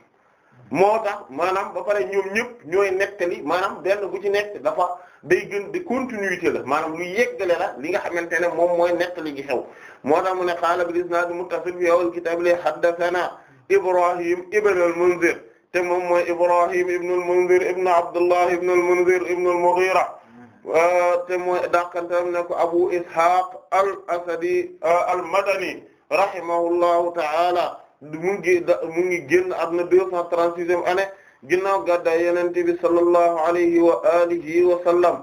moo tax maanaam ba pare ñoom ñëpp ñooy nettali maanaam benn bu ci nekk dafa day gën di continuité la maanaam lu yeggale la li nga xamante ne moom mooy nettali gi xew moo tax mu ne qaala bil isnaad al muttasil fi awwal kitaab li haddathanaa Ibraahiim ibn al Mundhir te moom mooy Ibrahim ibn al-Mundhir ibn Abdullah ibn al-Mundhir ibn al-Mughira te mooy dàqantam ne ko Abu Ishaq al-Asadi euh, al-Madani rahimahullahu ta'ala mu ngi mu ngi génn àdduna deux cent trente-sixième année ginnaaw gàddaay Yonent bi sallallahu alayhi wa alihi wa sallam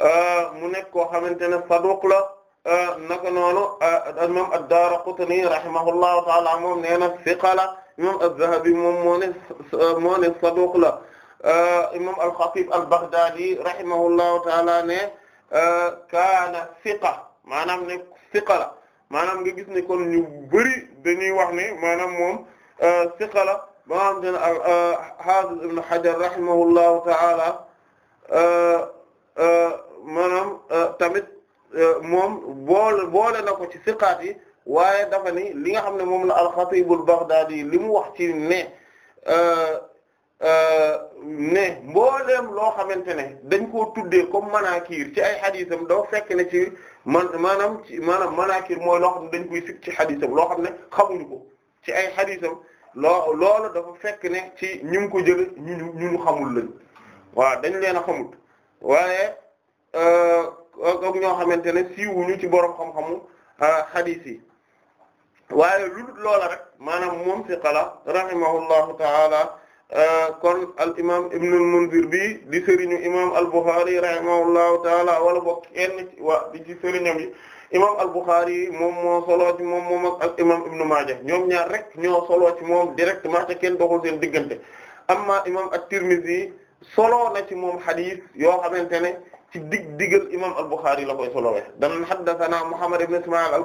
euh, mu nekk koo xamante ne saduq la euh, naka noonu imam ad-Daraqutni rahimahullahu ta'ala moom nee na siqa la imam az-Zahabi moom moo ne moo ne saduq la imam al-Khatib al-Baghdadi rahimahullahu taala ne kaana siqa maanaam ne siqa la maanaam nga gis ne kon ñu bëri dañuy wax ne maanaam moom siqa la ba nga xam te ne al-Hafiz ibn Hajar rahimahullahu taala maanaam tamit moom boole boole na ko ci siqaat yi waaye dafa ni li nga xam ne moom la al-Xatiibul Bagdaadi li mu wax ci ne euh, euh, ne mbooleem loo xamante ne dañ koo tuddee comme manaakir ci ay xadiisam doo fekk ne ci man maanaam ci maanaam manaakir mooy loo xam ne dañ koy ci xadiisam loo xam ne xamuñu ko ci ay xadiisam loo loolu dafa fekk ne ci ñu ko jële ñu ñu xamul lañ waaw dañ leen a xamul waaye euh, ak ñoo xamante ne siiwuñu ci boroom xam-xamu xadiis waaye lu dul loola rek maanaam moom si qala rahimahullahu taala euh, kon al imam ibnul munzir bi di sëriñu imam al buxaari rahimahullahu taala wala bokk kenn wa di ci sëriñam yi imam al moom moo solo ci moom moom ak imam ibnu maaja ñoom ñaar rek ñoo solo ci moom directement te kenn doxul seen diggante amma imam at-tirmidhi solo na ci moom xadis yoo xamante ne ci dig digal imam al buxaari la koy solo we dan haddathana muhammad ibn isma'il al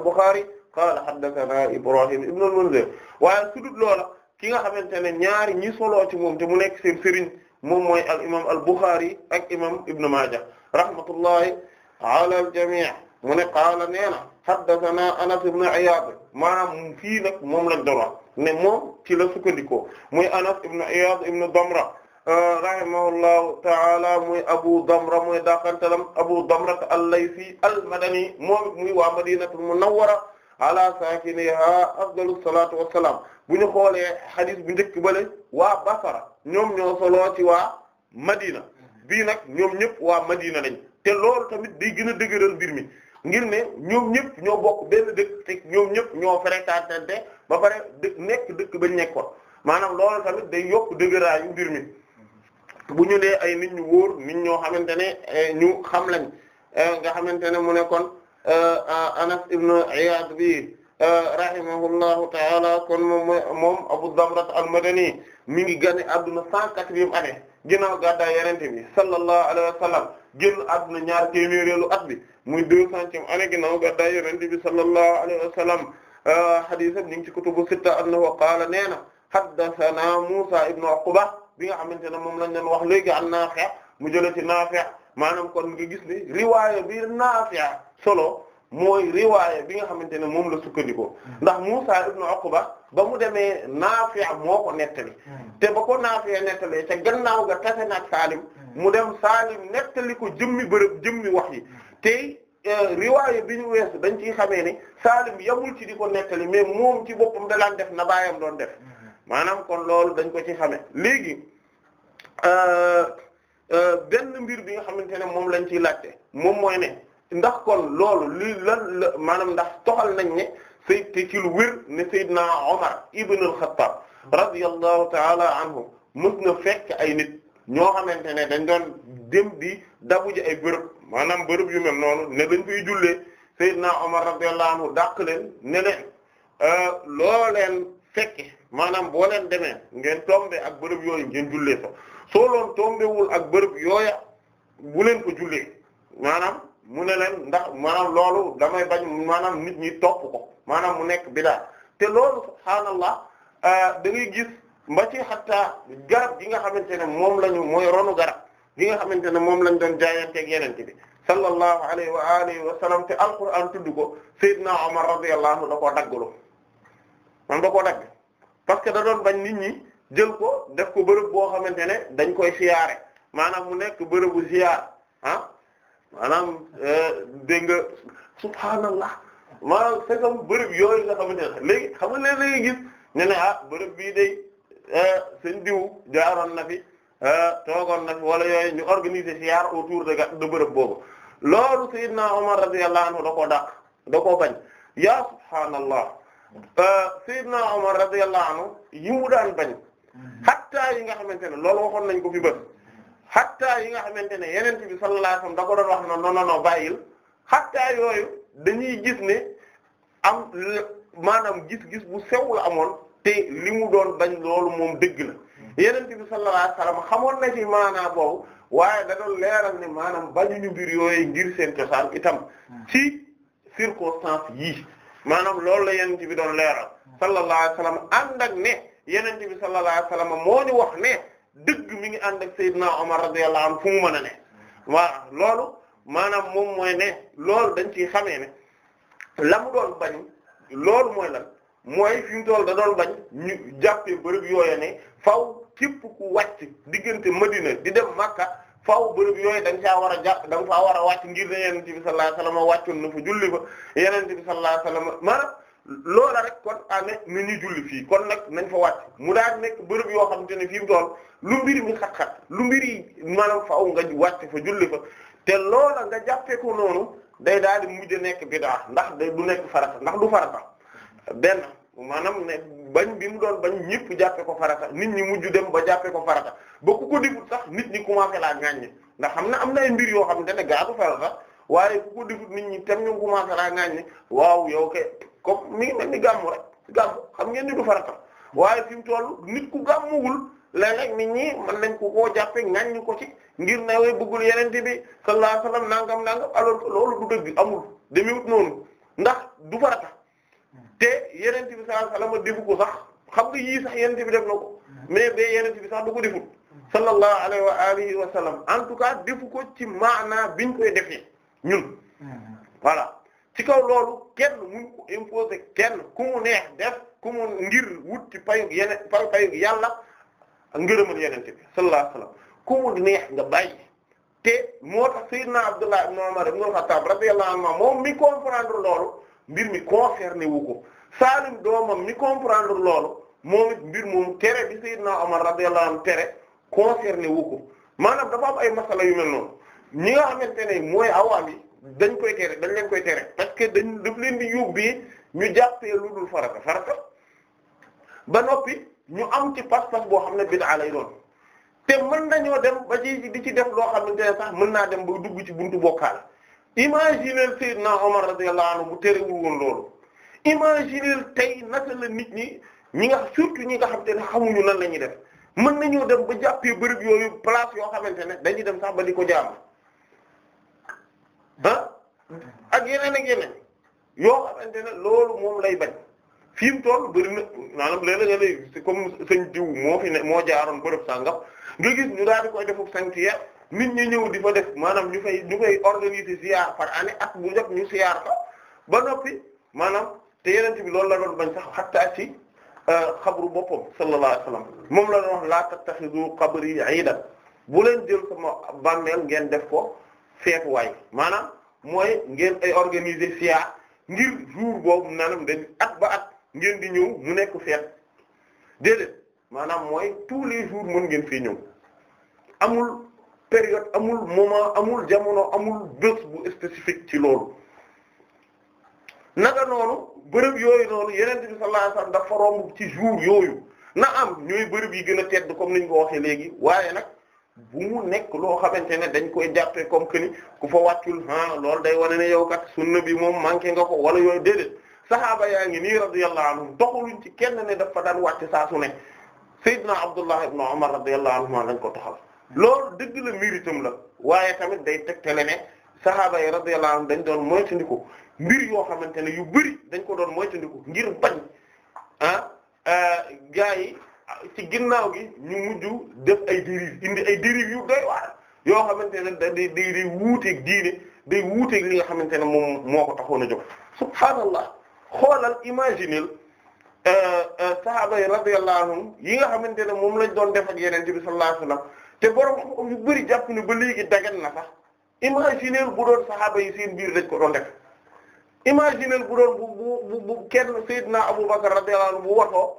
qaala haddathana Ibrahim ibn al-Munzir waaye su dul loola ki nga xamante ne ñaari ñi soloo ci moom te mu nekk seen sëriñ moom mooy al imam al Bukhari ak imam Ibn Maaja rahmatullahi ala al jamii mu ne qaala nee na haddathana Anas ibn Iyad maanaam fii nag moom lañ doon wax ne moom ci la sukkandikoo muy Anas ibn Iyad ibn Damra rahimahullahu taala muy Abu Damra muy daakantalam Abu Damra al-Laythi al-Madani moom muy waa Madinatul Munawwara ala sakiniha afdalu salatu wassalam bu ñu xoolee xadis bu njëkk bale waa Basra ñoom ñoo soloo ci waa Madina bii nag ñoom ñëpp waa Madina lañ te loolu tamit day gën a dëgëral mbir mi ngir ne ñoom ñëpp ñoo bokk benn dëkk ñoom ñëpp ñoo fréquenté ba pare dëkk nekk dëkk bañ nekkoon maanaam loolu tamit day yokk dëgëraayu mbir mi bu ñu nee ay nit ñu wóor nit ñoo xamante ne eh, ñu xam lañ eh, nga xamante ne mu ne Anas ibn Iyad bi rahimahullahu taala kon moom moom Abu Damrat al-Madani mi ngi gane adduna cent quatrième année ginnaaw gàddaay Yonent bi sallallahu alayhi wa sallam génn adduna ñaar téeméeréelu at bi mu deux centième année ginnaaw gàddaay Yonent bi sallallahu alayhi wa sallam hadith am ñu ngi ci kutubu sitta annahu qaala nee na haddathana Musa ibn Uqba bi nga xamante ne moom lañ leen wax léegi an Naafi' mu jëlee ci Naafi' maanaam kon nga gis ni riwaaya bi Naafi' solo mooy riwaaya bi nga xamante ne moom la sukkandikoo hmm. ndax Muusaa ibnu Uqba ba mu demee Naafi' moo ko nettali hmm. te ba ko Naafi' nettali te gannaaw ga tase nag Saalim hmm. mu dem Saalim nettali ko jëmmi bërëb jëmmi wax yi tey euh, riwaaya bi ñu weesu dañ ciy xamee ni Saalim yamul ci di ko nettali mais moom ci boppam da daan def na baayam doon def maanaam kon loolu dañ ko ci xamee léegi euh, euh, benn mbir bi nga xamante ne moom lañ ciy laajte moom mooy ndax kon loolu lii lan la maanaam ndax toxal nañ ne say ci lu wér ne Seydina Omar ibn al-Khattab ta'ala anhu mës na fekk ay nit ñoo xamante ne dañ doon dem di dabu ay bërëb maanaam bërëb yu mel noonu ne dañ koy jullee Seydina Omar radiyallahu anhu dàq leen ne leen euh, loo leen fekke maanaam boo demee ngeen tombe ak bërëb yooyu ngeen jullee fa soo loon tombewul ak bërëb yooya bu leen ko jullee maanaam mu ne leen ndax maanaam loolu damay bañ maanaam nit ñi topp ko maanaam mu nekk bida te loolu subhaanallah euh, da ngay gis mba ci garab gi nga xamante ne moom lañu mooy ronu garab gi nga xamante ne moom lañ doon jaayanteeg yenente bi sallallahu alayhi wa alihi wa sallam te alquran tudd ko sayyidna Umar koo dagglu man da dagg parce que da bañ nit ñi jël ko def ko bërëb boo xamante ne dañ koy siyaare maanaam mu nekk bërëbu siyaar ah maanaam eh, dégg nga subhaanallah maanaam c'est comme bërëb yooyu nga xamante ne léegi xam nga léeg-léeg gis ne ne ah bërëb bii day eh, seen diw jaaroon na fi eh, toogoon na fi wala yooyu ñu organiser yaar autour de de bërëb boobu loolu Seydina Omar radiyallahu anhu da koo dàq da koo bañ yaa subhaanallah Seydina Omar radiyallahu anhu yi mu daan bañ xattaa mm-hmm. yi nga xamante ne loolu waxoon nañ ko fi bët xattaa yi nga xamante ne yeneen bi sallallahu alayhi wasallam da ko doon wax na non non non yooyu dañuy gis ne am maanaam gis-gis bu sew la amoon te li mu doon bañ loolu moom dëgg la yeneen bi sallallahu alayhi wasallam xamoon na ci maanaa boobu waaye da doon leeral ne maanaam bañuñu mbir yooyu ngir seen cosaan itam ci circonstance yii maanaam loolu la yeneen bi doon leeral sallallahu alayhi wasallam ànd ne yeneen bi sallallahu alayhi wasallam moo wax ne. dëgg mi ngi ànd ak Seydina Omar radiyallahu anhu fu mu mën a ne waa loolu maanaam moom mooy ne loolu dañ ciy xamee ne la mu doon bañ loolu mooy lan mooy fi mu da doon bañ ñu jàppee bërëb yooyu ne faw képp ku wàcc diggante Madina di dem Makka faw bërëb yooyu da nga saa war a jàpp da nga faa war a wàcc ngir ne Yonent bi sallallahu alayhi wasallam wàccoon na fa julli fa Yonent bi sallallahu alayhi wasallam maanaam loola rek kon amee na ñu julli fii kon nag nañ fa wat mu daan nekk bërëb yoo xamante ne fi mu doon lu mbir mi xat-xat lu mbir yi maanaam faaw nga wàcc fa julli fa te loola nga jàppee ko noonu day daal di mujj nekk bidaa ndax day du nekk farata ndax du farata benn maanaam ne bañ bi mu doon ñëpp jàppee ko farata nit ñi mujj dem ba jàppee ko farata ba ku ko defut sax nit ñi commencé laa ŋaññi ndax xam na am na ay mbir yoo xam ne gaa du farata waaye ku ko defut nit ñi tam ñu commencé laa ŋaññi waaw yow kay. comme mi ngi mel gàmmu rek gàmmu xam ngeen ni du farata waaye fi mu nit ku gàmmuwul léeg-léeg nit ñi mën nañ ko koo jàppe ŋaññi ko ci ngir na bëggul yenente bi sallallahu alayhi wasallam nangam nangam alors que loolu du dëgg amul demewut noonu ndax du farata te yenente bi sallallahu alayhi wasallam defu ko sax xam nga yii sax yenente bi def na ko mais ba yenente bi sax du ko deful sallallahu alayhi wa alihi wa sallam en tout cas defu ko ci maana biñ koy defee ñun hmm. voilà ci kaw loolu kenn mun ko imposer kenn neex def ku ngir wut ci payu yeneen payu yàlla ngërëmal yenente bi sallallahu alayhi wasallam ku mu neex nga bàyyi te moo tax sayyidna Abdullah ibn Umar ibn al-Khattab radiyallahu anhu moom mi comprendre loolu mbir mi concerné wu ko Salim doomam mi comprendre loolu moo mbir moom tere bi sayyidna Umar radiyallahu anhu tere concerné wu ko maanaam dafa am ay masala yu mel noonu ñi nga xamante ne mooy awaam yi dañ koy tere dañ leen koy tere parce que dañ daf leen di yóbbee ñu jàppee lu dul farata farata ba noppi ñu am ci pas-pas boo xam ne bid'a lay doon te mën nañoo dem ba ci di ci def loo xamante ne sax mën naa dem ba dugg ci buntu bokkaal imaginer Seydina Omar radiyallahu anhu bu terewul woon loolu imaginer tey naka la nit ñi ñi nga surtout ñi nga xam te ne xamuñu lan la ñuy def mën nañoo dem ba jàppee bërëb yooyu place yoo xamante ne dañuy dem sax ba di ko jaam ah ak yeneen ak yeneen yoo xamante ne loolu moom lay bañ fi mu toll bëri na maanaam léeg-léeg léegi comme sëñ diw moo fi ne moo jaaroon bërëb sàngam nga gis ñu daal di koy defub sanctuaire nit ñi ñëw di fa def maanaam ñu fay ñu fay organiser ziar par année at bu njëkk ñu ziar ba noppi maanaam te yeneen bi loolu la doon bañ sax xattaa ci euh, xabru boppam sallallahu alayhi wasallam moom la doon wax la tattaxidu qabri iidan bu leen jël sama bàmmeel ngeen def ko. seetuwaay maanaam mooy ngeen ay organiser siyaa ngir jour boobu naanam dañ at ba at ngeen di ñëw mu nekk feet déedéet maanaam mooy tous les jours mën ngeen fii ñëw amul période amul moment amul jamono amul bés bu spécifique ci loolu naka noonu bërëb yooyu noonu yeneen bi sallallahu alayhi wasallam dafa romb ci jour yooyu na am ñooy bërëb yi gën a tedd comme niñ ko waxee léegi waaye nag bu mu nekk loo xamante ne dañ koy jàppee comme que ni ku fa wàccul ah loolu day wane ne yow kat sunna bi moom manqué nga ko wala yooyu déedéet saxaaba yaa ngi nii radiyallahu anhum doxaluñ ci kenn ne dafa daan wàcc saa su ne Seydina Abdullah ibn Umar radiyallahu anhuma dañ ko taxal lool dëgg la méritam la waaye tamit day tegtale ne saxaaba yi radiyallahu anhum dañ doon moytandiku mbir yoo xamante ne yu bëri dañ ko doon moytandiku ngir bañ ah gaa ci ginnaaw gi ñu mujj def ay dérive indi ay dérive yu doy waar yoo xamante ne da day day wuuteeg diine day wuuteeg li nga xamante ne moom moo ko taxoon a jóg subhaanallah xoolal imaginer euh, euh, sahaaba yi radiyallahu anhum yi nga xamante ne moom lañ doon def ak yeneen bi sallallahu alayhi wasallam te borom xam yu bëri jàpp ne ba léegi dagan na sax imaginer bu doon sahaaba yi seen biir dañ ko doon def imaginer bu doon bu kenn Seydina Abubakar radiyallahu bu waxoo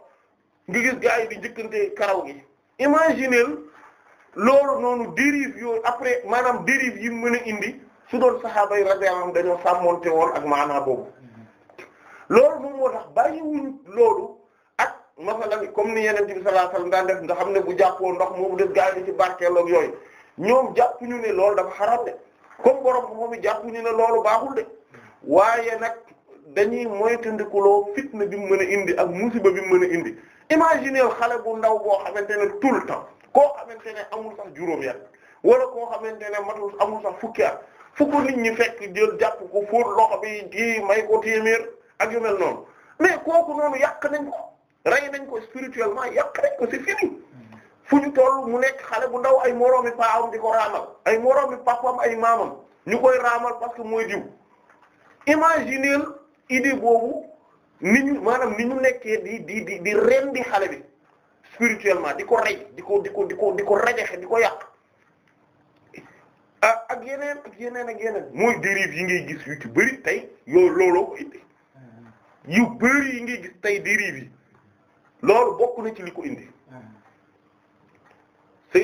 nga gis gars yi njëkkante karaw gi imaginez loolu noonu dérive yooyu après maanaam dérive yi mu mën a indi su doon saxaaba yi radiyallahu anhum dañoo sàmmonte woon ak maanaa boobu loolu moom moo tax bàyyiwuñ loolu ak masalan comme ni yeneen bi sallallahu alayhi wasallam daan nga xam ne bu jàppoo ndox moomu def gars yi di ci barkeeloog yooyu ñoom jàppuñu ne loolu dafa xaram de comme borom moom i jàppuñu ne loolu baaxul de waaye nag dañuy moytandikuloo fitna bi mu mën a indi ak musiba bi mu mën a indi imaginer xale bu ndaw boo xamante ne tout le temps koo xamante ne amul sax juróomi at wala koo xamante ne matul amul sax fukki at fu ko nit ñi fekk jël jàpp ko fóot loxo bi ji may ko téeméer ak yu mel noonu mais kooku noonu yàq nañ ko rey nañ ko spirituellement yàq nañ ko c'est fini fu ñu tol mu nekk xale bu ndaw ay moroomi paawam di ko raamal ay moroomi papam ay maamam ñu koy raamal parce que mooy diw imaginer boobu ni ñu maanaam ni ñu nekkee di di di di ren di xale bi spirituellement di ko rey di ko di ko di ko di ko rajaxe di ko yàq ah, ak yeneen ak yeneen ak yeneen mooy dérive yi ngay gis yu ci bëri tey yoo looloo ko indi yu bëri yi ngay gis tey dérive yi loolu bokk na ci li ko indi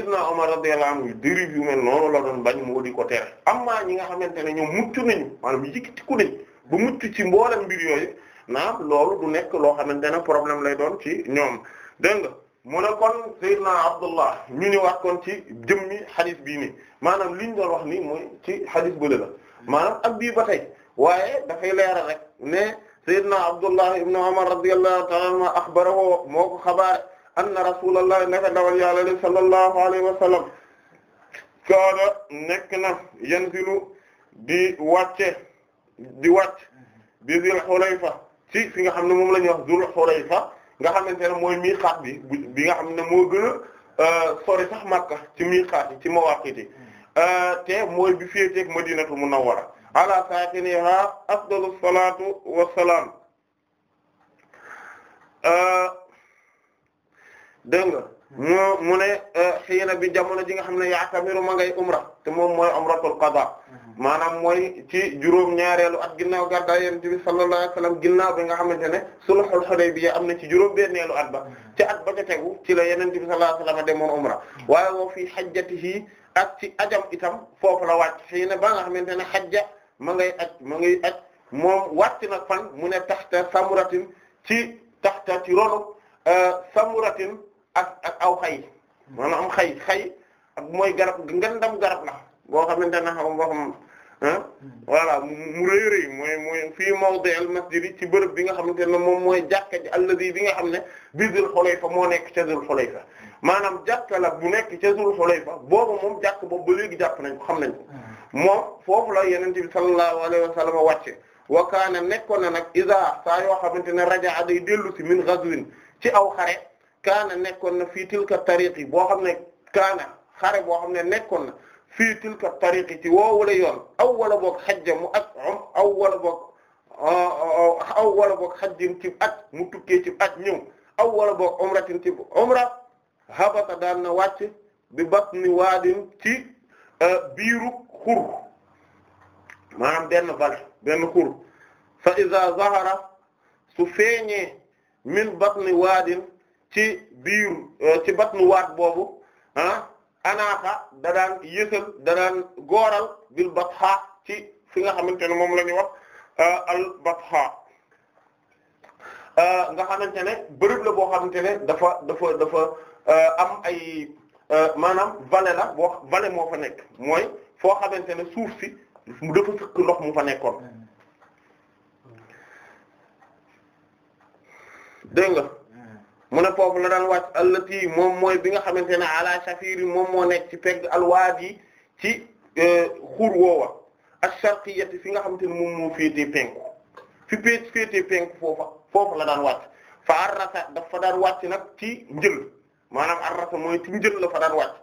na Omar radiyallahu anhu dérive yu mel noonu la doon bañ moo di ko tere am na ñi nga xamante ne ñoom mucc nañu maanaam yëkkati ku nañ ba mucc ci mboolem mbir yooyu naam loolu du nekk loo xamante ne problème lay doon ci ñoom dégg nga mu ne kon Seydina Abdullah ñu ni wax kon ci jëmmi xadis bii nii maanaam liñ doon wax nii ci xadis bële la maanaam ak bii ba tey waaye dafay leeral rek ne Seydina Abdullah ibn Umar radiyallahu ta'ala anhuma axbarahu moo ko xabaar anna rasulullah naka dawal yàlla li sallallahu alayhi wa sallam kaana nekk na yanzilu di wàcce di wàcc bi Zul Xulayfa ci fi nga xam ne moom la ñuy wax Dul Xulayfa nga xamante ne mooy miqaat bi bi nga xam ne moo gën a euh, sax Makka ci miqaat yi ci mawaqit yi euh, te mooy bi féeteeg Madinatu Munawwara ala saakiniha afdalu salaatu wassalaam euh, dégg nga mu mu ne eh, xiina bi jamono ji nga xam ne yaatamiru ma ngay umra te moom mooy umratul qada mm-hmm. maanaam mooy ci juróom ñaareelu at ginnaaw gàddaa yonent bi sallallahu alayhi wasallam ginnaaw bi nga xamante ne sulhul hudaybiya am na ci juróom benneelu at ba mm-hmm. ci at ba ca tegu ci la yonent bi sallallahu alayhi wasallam demoon umra mm-hmm. waaye woo fii hajjatihi ak ci ajam itam foofu la wàcc xiina ba nga xamante ne hajja ma ngay aj ma ngay aj moom wàcc nag fan mu ne taxta samuratin ci taxta ci ronu eh, samuratin ak ak aw xay maanaam xay xay ak mooy garab ngandam garab la boo xamante ne xam boo xam ah voilà mu rëy rëy mooy mooy fii mawdi al masjid ci bërëb bi nga xamante ne moom mooy jàkka ji alladi bi nga xam ne bi Dul Xulayfa moo nekk ca Dul Xulayfa maanaam jàkka la bu nekk ca Dul Xulayfa boobu moom boobu ba léegi jàpp nañ ko xam nañ ko moom foofu la yonent bi sallallahu alayhi wa sallam wàcce wa kaana na nag isa saa yoo xamante ne raja day dellu si min ghazwin ci aw xare kaana nekkoon na fii tilka tariqi boo xam ne kaana xare boo xam ne nekkoon na fii tilka tariqi ci woowule yoon aw wala boog xajja mu at aw wala boog ah, aw wala boog xajjin ci at mu tukkee ci at ñëw aw wala boog umratin ci umra habata daan na wàcc bi batni waadin ci eh, biiru xur maanaam benn vallée benn xur fa iza zahara su feeñee min batni waadin ci biir euh, ci batnu waat boobu ah anaaxa da daan yësal da daan gooral bil batha ci fi nga xamante ne moom lañuy wax euh, al batha euh, nga xamante ne bërëb la boo xamante ne dafa dafa dafa am ay maanaam vallée la boo vallée moo fa nekk mooy foo xamante ne suuf si dafa sëkk ndox mu fa nekkoon mm-hmm. dégg nga mun ne foofu la daan wàcc allati moom mooy bi nga xamante ne ala shafiri moom moo nekk ci pegg alwaadi ci euh, xur woowa ash-sharqiyyati fi nga xamante ne moom moo féetee penku fi pee féetee penku foofa foofu la daan wàcc fa arrasa dafa daan wàcc nag ci njël maanaam arrasa mooy ci njël la fa daan wàcc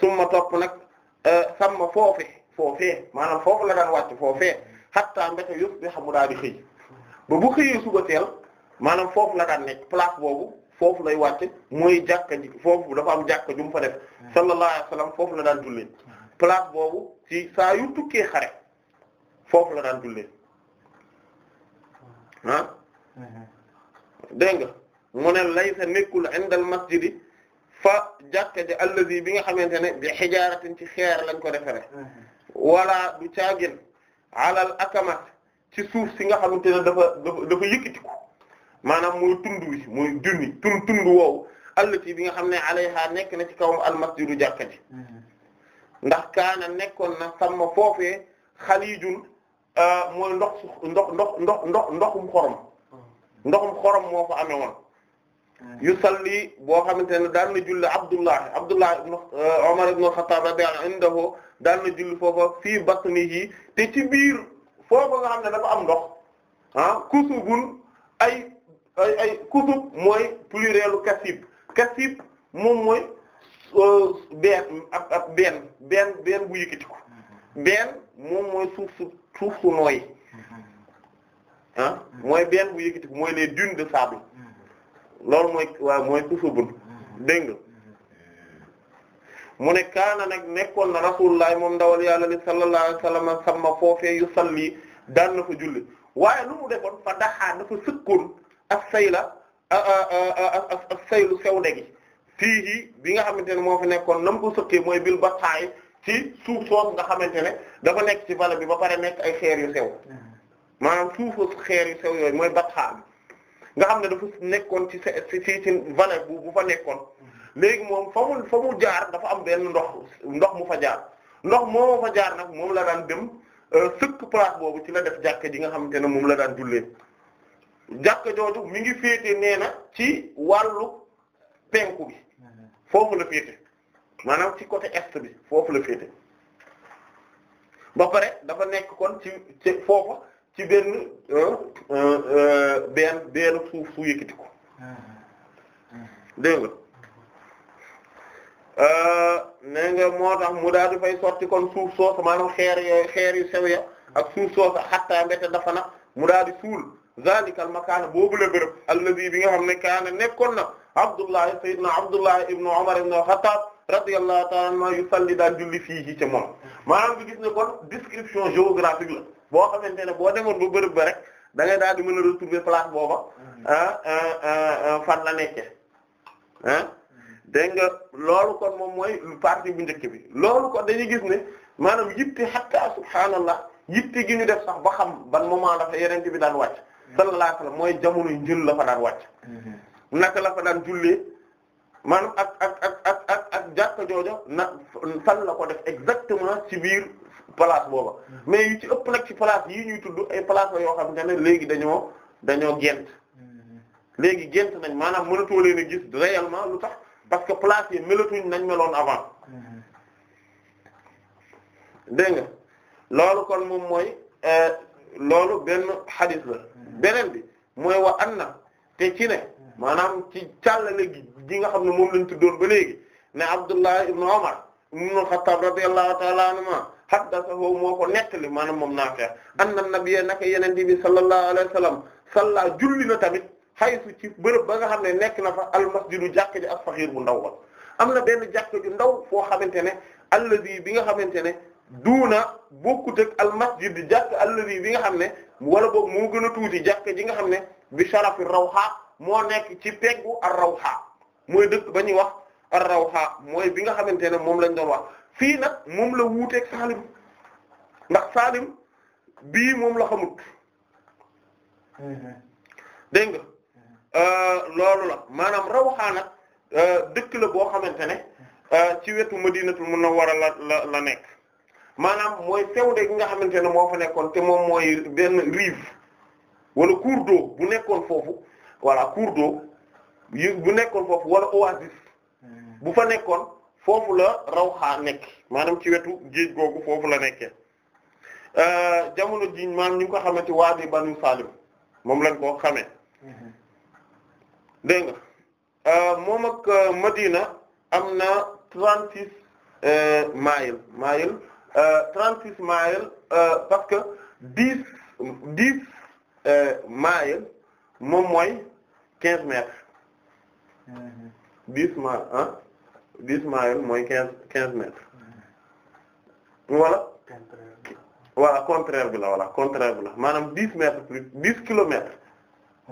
summa topp nag euh, samma foofe foofee maanaam foofu la daan wàcc foofee hatta mbéte yusbihu mu daal di xëy ba bu xëyee suba teel maanaam foofu la daan nekk place boobu foofu lay wàcce mooy jàkka ji foofu dafa am jàkka jum mu fa def ah. sallallahu alayhi wasallam foofu la daan jullee place boobu ci saa yu tukkee xare foofu la daan jullee ah dégg nga mu ne laysa nekkul indal masjidi fa jàkka ji allazi bi nga xamante ne bi xijaaratin ci xeer lañ ko defere wala du caagin alal akamat ci suuf si nga xamante ne dafa dafa dafa maanaam mooy tund wi mooy junni tund tund woowu allati bi nga xam ne alayha nekk na ci kawam almasjidu jàkka ji mm-hmm. ndax kaana nekkoon na sama foofee xalijun euh, mooy ndox ndox ndox ndox ndox ndoxum xorom mm-hmm. ndoxum xorom moo fa amee woon mm-hmm. yu salli boo xamante ne daan na julli Abdullahi Abdullahi ibn Umar euh, ibn al-Khattab radiyallahu anhu daan na julli foofa fii batnihi te ci biir foofa nga xam ne dafa am ndox ah kusubun ay ay ay kutub mooy plurielu kasib kasib moom mooy euh, benn bu yëkkati benn moom mooy suuf su suuf su nooy ah, mooy benn bu yëkkati mooy les dunes de sable loolu mooy waaw mooy suufa bun nga mu ne kaana nag nekkoon na rasulullah moom ndawal yàlla li sallallahu alayhi sama foofee yu salli daan na fa julli waaye lu mu defoon fa daxaa dafa sëkkoon ak sayla ak saylu sewnde gi fii bi nga xamante ne moo fi nekkoon nam ko sëqee mooy bil ba xaay ci suuf soos nga xamante ne dafa nekk ci vallée bi ba pare nekk ay xeer yu sew maanaam suufu xeer yu sew yooyu mooy batxaa bi nga xam ne dafa nekkoon ci ci ci vallée bu bu fa nekkoon léegi moom fa mu fa mu jaar dafa am benn ndox ndox mu fa jaar ndox moo jaar nag moom la daan dem euh, sëkk place boobu ci la def jàkk ji nga xamante ne moom la daan jullee jàkka jooju mi ngi féete nee na ci wàllu penku bi foofu la féete maanaam ci côté est bi foofu la féete ba pare dafa nekk kon ci ci foofa ci benn euh, euh, benn benn suuf su yëkkati ko dégg euh, nga moo tax mu daal di fay sotti kon suuf soosa maanaam xeer yooyu xeer yu sew ya ak suuf soosa xattaa mbete dafa na mu daal di suul zalikal makaana boobu la bërëb alladi bi nga xam ne kaana nekkoon na abdoullahi sayyidna abdoullahi ibnu umar ibnu xattaab radiyallahu ta'ala anhuma yusalli daal julli fii ci moom maanaam bi gis ne kon description géographique la boo xamante ne boo demoon ba bërëb ba rek da ngay daal di mën a retrouver place booba ah, ah, ah, fan la nekke ah dégg nga loolu kon moom mooy partie bu njëkk bi loolu kon dañuy gis ne maanaam yitte hatta subhaanallah yitte gi ñu def sax ba xam ban moment dafa yeneen bi daan wàcc sallallahu alayhi la mooy jamono njël la fa daan wàcc mhm. naka la fa daan jullee maanaam ak ak ak ak ak ak jàkka joojo la ko def exactement ci biir place booba mhm. mais yu ci ëpp nag ci place yi ñuy tudd ay place yoo xam ne léegi dañoo dañoo gent mhm. léegi gent nañ maanaam mënatoo leen a gis réellement lu tax parce que place yi melatuñ nañ meloon avant dégg nga loolu kon moom mooy euh, loolu benn hadith la beneen bi mooy wa anna te ci ne maanaam ci càllale gi ji nga xam ne moom lañ tuddoon ba léegi ne Abdullah ibn Umar ibn al-Khattab radiyallahu ta'ala anhuma haddathahu moo ko nettali maanaam moom na Naafi' anna nabiyya naka yonent bi sallallahu alayhi wa sallam salla julli na tamit haythu ci bërëb ba nga xam ne nekk na fa al-masjidu jàkka ji as bu ndaw ba am na benn jàkka ju ndaw foo xamante ne alladhi bi nga xamante ne duuna bokkut ak al-masjid jàkka alladhi bi nga xam ne. wala boobu moo gën a tuuti jàkka ji nga xam ne bi raw rawha moo nekk ci peggu ar-rawha mooy dëkk ba ñuy wax ar-rawha mooy bi nga xamante ne moom lañ doon wax fii nag moom la wuuteeg Salim ndax Salim bii moom la xamut dégg nga euh, loolu la maanaam rawxaa nag euh, dëkk la boo xamante ne euh, ci wetu Madinatul Munawwara la la la nekk maanaam mooy sew de gi nga xamante ne moo fa nekkoon te moom mooy benn rive wala cours bu nekkoon foofu voilà cours d'eau bu nekkoon foofu wala oasis bu fa nekkoon foofu la rawxaa nekk maanaam ci wetu géej googu foofu la nekkee euh, jamono ji maanaam ñu ngi ko xamee ci waadi Banu Salim moom lañ ko xamee dégg nga euh, moom ak euh, Madina am na trente six miles 36 maayel euh, parce que 10 10 maayel moom mooy 15 mètres 10 ma ah 10 maayel mooy 15 15 mètres voilà. voilà contraire bi la voilà contraire bi la maanaam 10 mètres plus 10 kilomètres.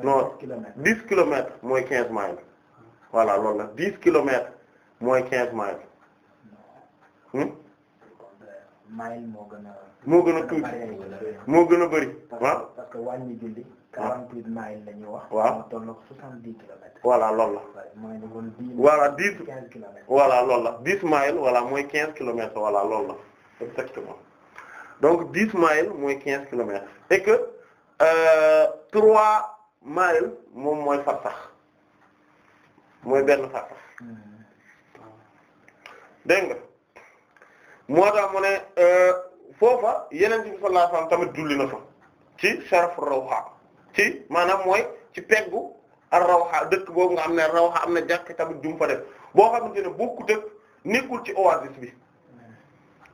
non 10 kilomètres mooy 15 miles voilà loolu la kilomètres mooy 15 miles. mile moo gën a. moo gën a tuuti moo gën a bëri waaw. parce que wàññi julli. 48 miles la ñuy wax. waaw mu toll 70 kilomètres. voilà loolu la. mooy ni kon 10. voilà 10 miles voilà mooy quinze kilomètres voilà loolu la donc 10 miles mooy 15 kilomètres et que euh, miles moom mooy farsax mooy benn farsax hmm. dégg moo tax mu ne euh, foofa yeneen bi sallallahu alayhi wasallam tamit julli na fa ci sharaf rawha ci maanaam mooy ci peggu ar rawha dëkk boobu nga xam ne rawha am na jàkk tamit jum fa def boo xam ne bokku dëkk nekkul ci oasis bi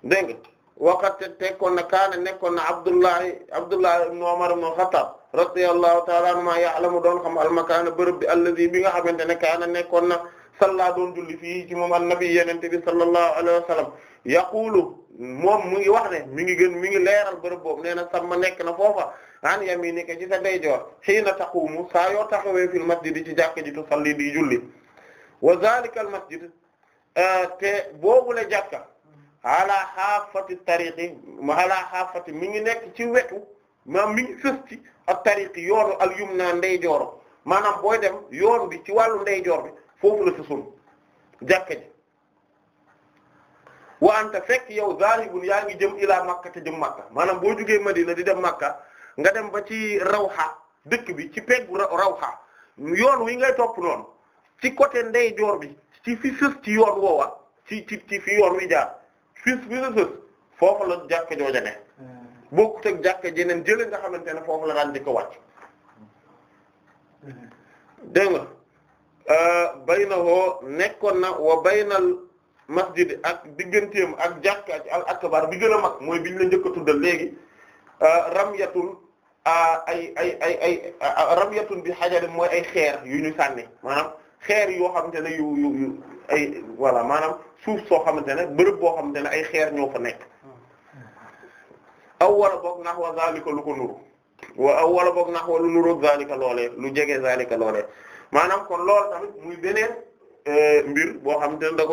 dégg nga waqat tekkoon na kaana nekkoon na Abdullahi Abdullahi ibn Umar ibn Khattab radiyallahu ta'ala anhuma ya'lamu doon xam almakaana bërëb bi alladhi bi nga xamante ne kaana nekkoon na salla doon julli fii ci moom annabi yenente bi sallallahu alayhi wa sallam yaqulu moom mu ngi wax ne mi ngi gën mi ngi leeral bërëb boobu nee na sama nekke na foofa an yaminika ci sa ndeyjoor hiina taqumu saa yoo taxawee fil masjid ci jàkka ji tusalli di julli wa zalika al masjid euh, te boobu la jàkka ala haafati tariqi ala haafati mi ngi nekk ci wetu maam mi ngi sës ci ak tariqi yoonu al yumna ndeyjooro maanaam booy dem yoon bi ci wàllu ndeyjoor bi foofu la sësul jàkka ji wa anta fekk yow zahibun yaa ngi jëm ilaa makka te jëm makka maanaam boo jugee madina di dem makka nga dem ba ci rawxa dëkk bi ci peggu rawxa yoon wi ngay topp noon ci côté ndeyjoor bi ci fi ci yoon woowa ci ci ci fi yoon wi jaar fi fi sës foofu la jàkka jooja ne hmm. bokkut ak jàkka jeneen jële nga xamante ne foofu la daan di ko wàcc hmm. dégg nga euh, baynahoo nekkoon na wa baynal masjid ak digganteem ak jàkka ci al akbar bi gën a mag mooy biñ la njëkk a tuddal léegi euh, ramyatun euh, ay ay ay ay euh, ramyatun bi xajarin mooy ay xeer yu ñu sànni maanaam xeer yoo xamante ne yu yu yu ay voilà maanaam suuf soo xamante ne bërëb boo xamante ne ay xeer ñoo fa nekk aw wala boog nahwa zalika lu ko nuru wa aw wala boog nahwa lu nuru zalika loolee lu jege zalika loolee maanaam kon loolu tamit muy beneen. Eh, mbir boo xam te ne da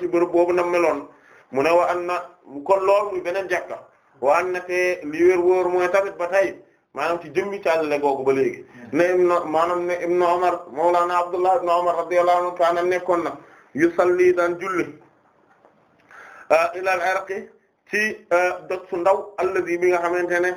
ci bërëb boobu nam meloon mu ne wa an na kon lool muy beneen jàkka wa an te li wér wóor mooy tamit ba tey maanaam ci jëmmi càllale googu ba léegi ne ibn Umar mawlana Abdullah ibn Umar radiyallahu anhu kaana nekkoon na yusalli daan julli ah, ilal irqi ci ah, dot su ndaw allazi bi nga xamante ne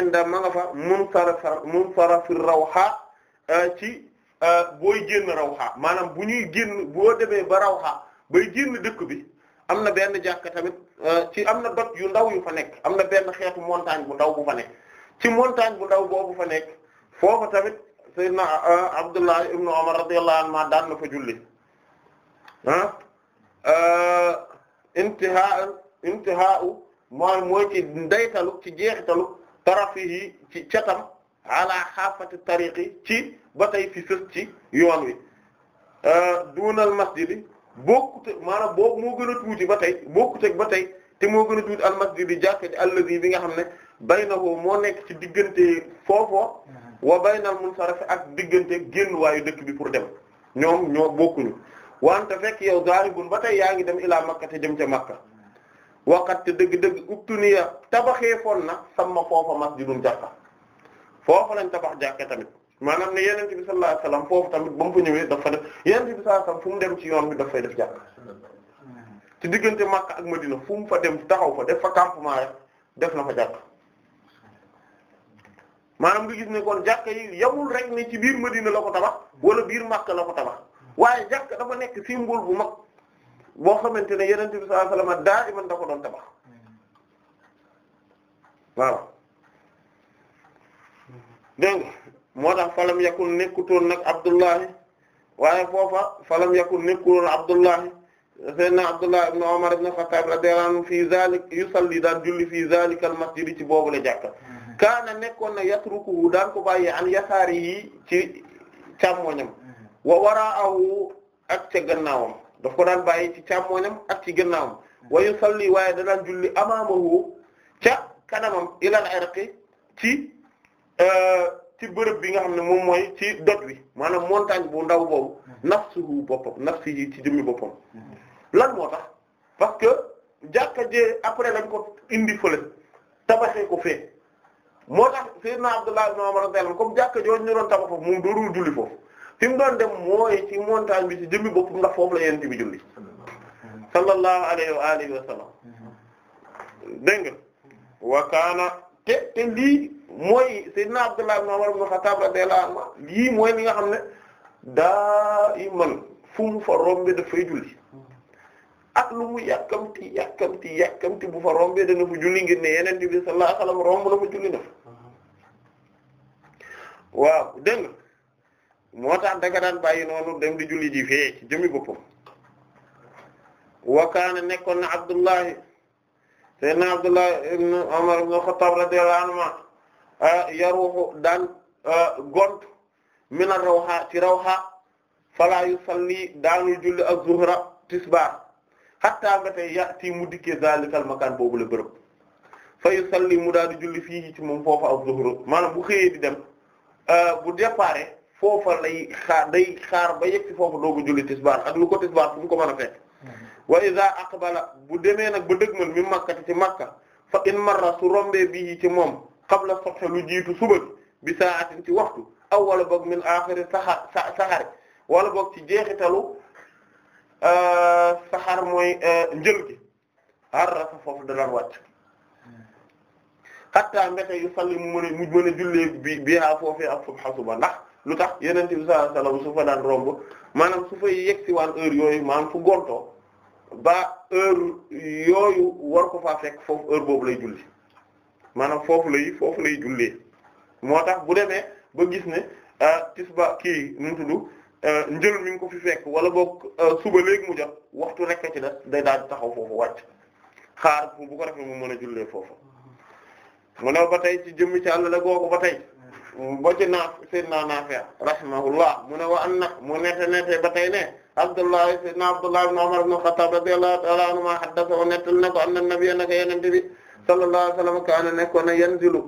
inda ma a fa mun sara mun sara fi ah, ci Euh, booy génn rawxaa maanaam bu ñuy génn boo demee ba rawxaa bay génn dëkk bi am na benn jàkka tamit euh, ci am na dot yu ndaw yu fa nekk am na benn xeetu montagne bu ndaw bu fa nekk ci montagne bu ndaw boobu fa nekk foofu tamit sayyidna euh, Abdullah ibn Umar radiyallahu anhu daan na fa julli ah intihaa intihaa mooy mooy ci ndeytalu ci jeexitalu tarafihi ci catam ala xaafati tariqi ci ba tey fi sës ci yoon wi euh, duunal masjidi bokkut maanaam boobu moo gën a tuuti ba tey bokkut ak ba tey te moo gën a tuuti al masjidi jàkka ji allazi bi nga xam ne baynahu moo nekk ci diggante foofoo mhm. wa baynal munsaraf ak diggante génn waayu dëkk bi pour dem ñoom ñoo bokkuñu wante fekk yow zaaribun ba tey yaa ngi dem ilaa makka te jëm ca makka waqat te dëgg-dëgg ubtuniya tabaxee foon na sama foofa masjidun jàkka foofa lañ tabax jàkka tamit maanaam ne yonent bi sallallahu alayhi wasallam foofu tamit ba mu fa ñëwee dafa def yonent bi sallallahu alayhi dem ci yoon bi dafay def jàkk ci diggante Makka ak Madina fu mu fa dem taxaw fa def fa campement rek def na fa jàkk maanaam nga gis ne kon jàkk yi yamul rek ne ci biir Madina la ko tabax wala biir Makka la ko tabax waaye jàkk dafa nekk symbole bu mag boo xamante ne yonent bi sallallahu alayhi wasallam daa iman da ko doon tabax waaw dégg moo tax falam yakun nekkutoon nag Abdullahi waaye foofa falam yakun nekkutoon Abdullahi sayyidina Abdullah ibn Umar ibn Khattab radiyallahu anhu fii zalik yusalli daan ci boobu la jàkka mhm. kaana nekkoon na yatrukuhu daan ko bàyyee an yasaari yi ci càmmoñam mhm. wa ca gannaawam daf ko daan bàyyi ci càmmoñam ak ci gannaawam mhm. wa waaye danaan julli amaamahu ca kanamam ci bërëb bi nga xam ne moom mooy ci doj wi maanaam montagne bu ndaw boobu nafsuhu boppam nafsihi ci jëmmi boppam lan moo tax parce que jàkka jee après lañ ko indi fële tabaxee ko fee moo tax sayyidna Abdullah ibn Umar radiyallahu comme jàkka jooju ñu doon tabax foofu moom doorul julli foofu fi mu doon dem mooy ci montagne bi ci jëmmi boppam ndax foofu la yent bi julli sallallahu alayhi wa alihi wa te te lii mooy Seydina Abdullah ibn Umar ibn Khattab radiyallahu anhu lii mooy li nga xam ne daa iman fu mu fa rombe dafay julli ak lu mu yàkkamti yàkkamti yàkkamti bu fa rombe dana fa julli ngir ne yeneen bi sallallahu alayhi wasallam romb na fa julli na waaw dégg moo tax daga daan bàyyi noonu dem di julli ji fee ci jëmi boppam wa kaana nekkoon na Abdullahi sayyidina Abdullah ibn Umar ibn Khattab radiyallahu anhuma ah, yaruhu daan ah, gont min ar-rawha ci rawha fala yusalli daanul julli az-zuhra tisbaar hatta ba tey ya'ti mu dikkee zalikal makaan boobu la bërëb fa yusalli mu daal di julli fii ci moom foofa az-zuhra maanaam bu xëyee di dem ah, bu départ foofa lay xaar day xaar ba yegg ci foofa doogu julli tisbaar ak lu ko tisbaar fu ko mën a fekk wa iza aqbala bu demee nag ba dëgmal mi makkati ci makka fa in marra su rombee bii ci moom qabla subh lu jiitu suba bi sa'atin ci waxtu aw wala boog min axiri saxar saxar wala boog ci talu euh, saxar mooy euh, njël gi arrafa foofu da daan wàcc xattaa mbéte yu salli mu mën a mu mën a jullee bi bihaa a ak subha suba ndax lu tax yenente bi sallallahu alayhi wasallam su fa daan romb maanaam su fay yegg si waan heure yooyu maanaam fu ba heure yooyu war ko faa fekk foofu heure boobu lay julli maanaam foofu lay foofu lay jullee moo tax bu demee ba gis ne ah, tisba kii nu mu tudd ah, njël ko fi fekk wala book ah, suba léegi mu jot waxtu rek ci des day daal di taxaw foofu wàcc xaar bu ko defee mu mën a jullee foofu mu ne ba tey ci jëmmi ci àll la googu ba tey ba ci naaf seen naa naafee rahimahullah mu ne wa an na mu nete nete ba tey ne Abdullah sayyidina Abdullah ibn Umar ibn al-Khattab radiyallahu ta'ala anhuma haddathahu nettal na ko anna nabiyya naka yenente bi sallallahu alayhi wa sallam kaana nekkoon na yanzilu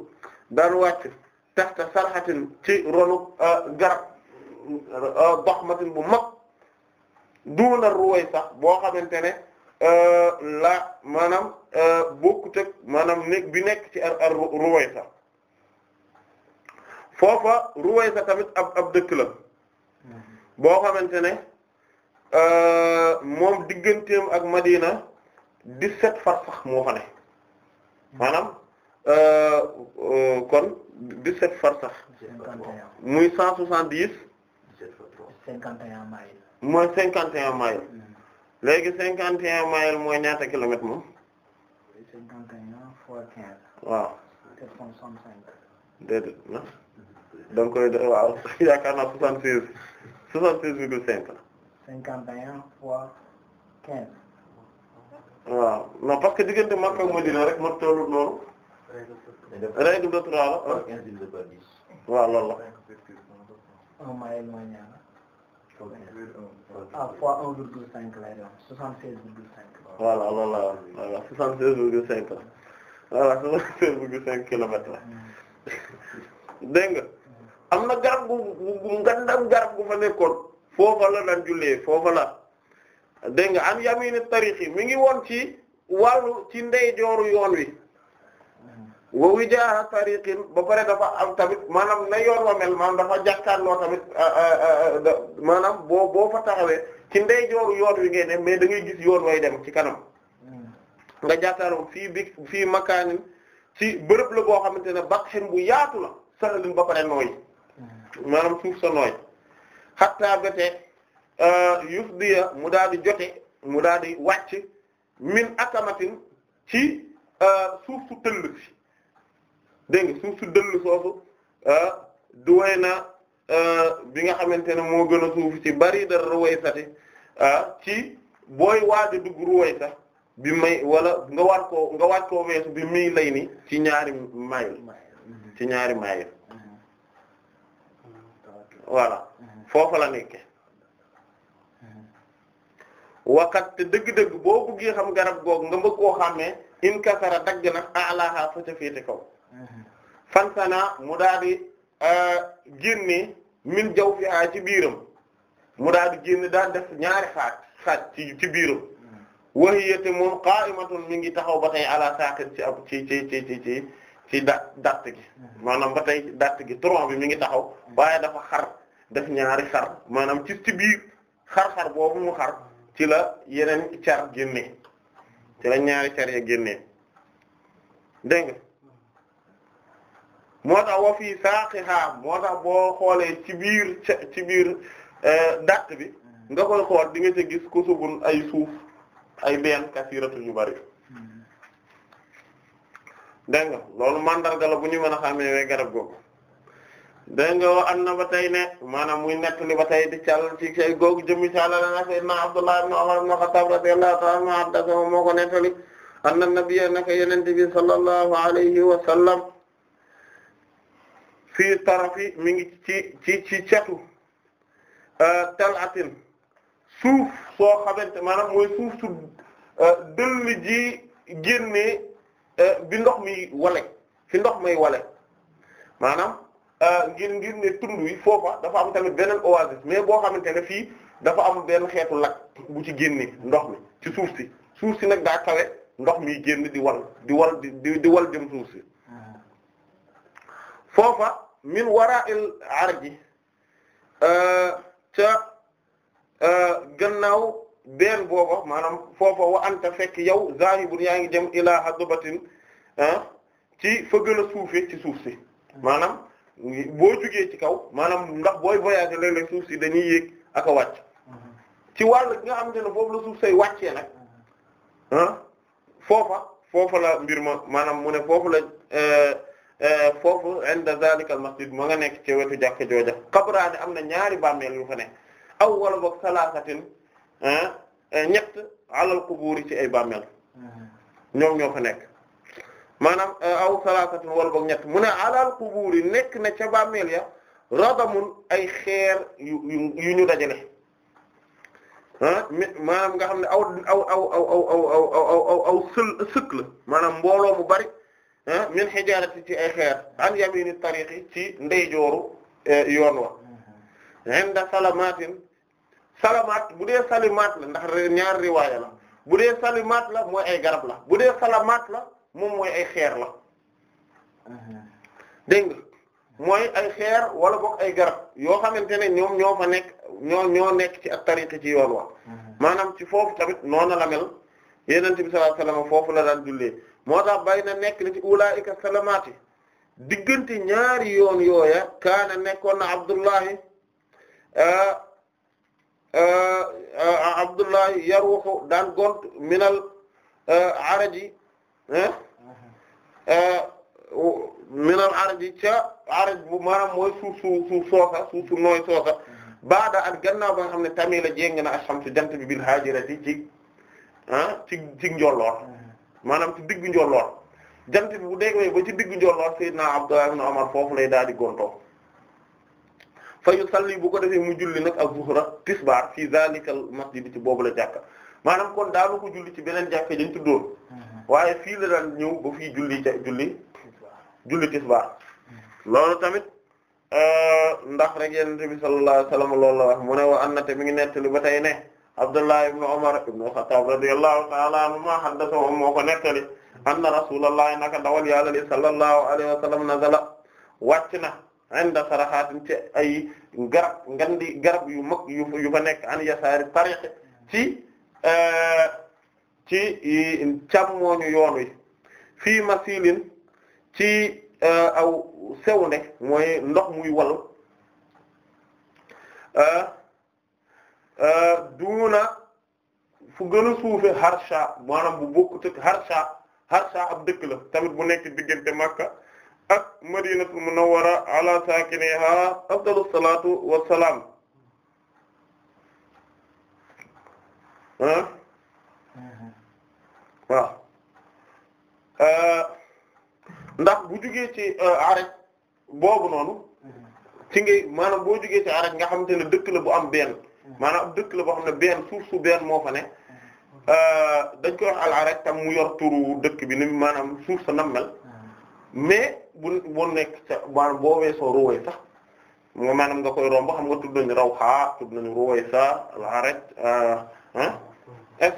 daan wàcc taxta sarhatin ci ronu euh, garab euh, daxmatin bu mag duuna ruway sax boo xamante ne euh, la maanaam bokkut ak maanaam nekk bi nekk ci ar ar ruway sax foofa ruway sax tamit ab ab dëkk la hmm. boo xamante ne Euh, moom digganteem ak Madina dix-sept farsax moo fa ne maanaam euh, euh, kon dix-sept farsax muy cent soixante-dix cinquante et un miles mooy cinquante et hmm. léegi cinquante et mooy ñaata kilomètre moom cinquante waaw sept cent soixante waaw yaakaar naa soixante-seize soixante-seize virgule cinq cinquante et un fois quinze. waaw non parce que diggante Makka ak Madina rek ma tollu noonu. règle de trois la. Ah. waaw loolu la. un maïl mooy ñaar. ah fois un virgule cinq lay doon soixante seize virgule cinq. voilà loolu la voilà soixante seize virgule cinq la voilà soixante seize virgule cinq kilomètres la mm. dégg nga am na garab gu gu gu ngandam garab gu fa nekkoon. foofa la daan jullee foofa la dégg nga an yamini tariqi mi ngi woon ci wàllu ci ndeyjooru yoon wi wa jaara tariqin ba pare dafa am tamit maanaam na yoon wa mel maanaam dafa jàkkaarloo tamit maanaam boo boo fa taxawee ci ndeyjooru yoon wi ngay dem mais da ngay gis yoon way dem ci kanam nga jàkkaarloo fii bi fii makaanin ci bërëb la boo xamante ne baxin bu yaatu la saxalin ba pare nooy mm. maanaam suuf sa nooy hatta bete euh, yufdiya mu daal di jote mu daal wàcc min akamatin ci euh, suuf su tëll si dégg suuf su dëll soosu euh, duway na bi nga xamante ne moo gën a suuf ci bari da ruway sati ci booy waaja dugg ruway sax bi may wala nga waat koo nga waat bi muy lay ni ci ñaari mayil ci ñaari mayil mm-hmm. voilà mm-hmm. foofa la nekke wakat te dëgg-dëgg boo bëggee xam garab goog nga bëgg koo xàmmee in kasara dagg na alaha fa ca féete kaw fansana mu daal di euh, génne min jaw fi a ci biiram mu daal di génne daal def ñaari xaaj xaaj ci ci biiram wahiyate moom qa'imatun ngi taxaw ba tey ci ab ci ci ci ci ci ci da datt gi hmm. maanaam ba tey datt gi tronc bi mi ngi taxaw hmm. waaye dafa xar def ñaari xar maanaam ci ci biir xar-xar boobu mu xar ci la yeneen car génne ci la ñaari car ya génne dégg nga moo tax wa fii saaqiha moo tax boo xoolee ci biir ci biir euh, dàtt bi nga koy xool di nga ca gis ku sugun ay suuf ay benn kasiratu yu bari hmm. dégg nga loolu mandarga la bu ñu mën a xàmmee garab googu dégg nga wa anna ba ne maanaam muy nekk li ba tey di càll ci say googu jëmmi càllala na Abdullah ibn Umar ibn Khattab radiyallahu ta'ala anhu haddathahu moo anna nabiyya naka yenente bi sallallahu alayhi wa sallam tarafi mi ngi ci ci ci catu euh, tal'atin suuf soo xamante maanaam mooy suuf su euh, dëll ji euh, bi ndox mi wale fi ndox may wale maanaam Euh, ngir ngir ne tund wi foofa dafa am tamit beneen oasis mais boo xamante ne fii dafa am benn xeetu lakk bu ci génne ndox mi ci suuf si suuf si nag daa kawe ndox mi génn di wal di wal di di wal jëm suuf si foofa min wara'il arji euh, ca euh, gannaaw benn booba maanaam foofa wa anta fekk yow zahibun yaa ngi jëm ilaa hadubatin ah, ci fa gën a ci suuf si maanaam boo jugee ci kaw maanaam ndax booy voyager léeg-léeg suuf si dañuy yéeg ak wàcc ci wàll nga am te ne foofu la suuf say wàccee nag ah foofa foofu la mbir ma maanaam mu ne foofu la euh, euh, foofu inda zalika al masjid ma nga nekk ci wetu jàkka jooja xabraane am na ñaari bàmmeel yu fa ne aw wala boog salaasatin ah, ñett alal qubuuri ci ay bàmmeel hmm. ñoom ñoo fa nekk maanaam aw salaasatun wala boog ñett mu ne alal qubuur yi nekk na ca bàmmeel ya radamun ay xeer yu ñu dajale ah maanaam nga xam ne aw aw aw aw aw aw aw aw sël sëkk la maanaam mbooloo mu bari ah min hijaarati ci ay xeer an yamini tariqi ci ndeyjooru yoon wa inda salamatin salamaat bu dee salimaat la ndax ñaar riwaaya la bu dee salimaat la mooy ay garab la bu dee salamaat la moom mooy ay xeer la uh-huh. dégg nga mooy ay xeer wala boog ay garab yoo xamante ne ñoom ñoo fa nekk ñoo nekk ci ak tariqa ci yoon wa uh-huh. maanaam ci foofu tamit noonu la mel yenente bi sallallahu alayhi wasallam foofu la daan jullee moo tax bay na nekk na ci ulaa'ika salamaati diggante ñaari yoon yooya kaana nekkoon na Abdullahi uh, uh, uh, Abdullahi yaruuxu daan gont minal araji ah Euh, minal araji ca araj bu maanaam mooy suuf suuf soosa suuf su nooy soosa baada ak gannaaw ba xam ne tamit la jéng a asamtu jant bi bil haajirati ci ah ci ci njolloor maanaam ci diggu njolloor jant bi bu déggee ba ci diggu njolloor sayyidina Abdullah ibn Umar foofu lay daal di gontoo fa yusalli bu ko defee mu julli nag ak zuhra tisbaar fi zalikal masjid ci boobu la jàkka maanaam kon daanu ko julli ci beneen jàkka dañ tuddoon hmm. waaye fii la daan ñëw ba fii julli julli julli tisbaar loolu tamit euh, ndax rek yenente bi sallallahu alayhi loolu wax mu ne wa annate mi ngi nettali ba tey ne Abdullah ibn Umar ibn Khattab radiyallahu ta'ala anhuma haddathahu moo ko nettali anna rasulullahi naka dawal yàlla li sallallahu alayhi wasallam nazala wàcc na inda saraxaatin ci ay garab ngandi garab yu mag yu fa nekk an yasaari tariq ci euh, ci càmmooñu yoon wi fii masilin ci euh, aw sew ne mooy ndox muy wal euh, euh, duuna fu gën a suufe harsha maanaam bu bokk tëg harsha harsha ab dëkk la tamit bu nekk diggante Makka ak Madinatul Munawwara ala saakiniha afdalus salaatu wassalaam waaw euh, ndax bu jugee ci euh, arrêt boobu noonu ci ngay maanaam boo jugee ci arrêt nga xam xamante ne dëkk la bu am benn maanaam dëkk la boo xam ne benn suuf su benn moo fa ne euh, dañ koy wax tam mu yor turu dëkk bi ni maanaam suuf sa nammel mais bu boo nekk ca maanaam boo weesoo ruwee sax nga nga koy romb xam nga tudd nañu raw xaa tudd nañu ruwee sa al arrêt et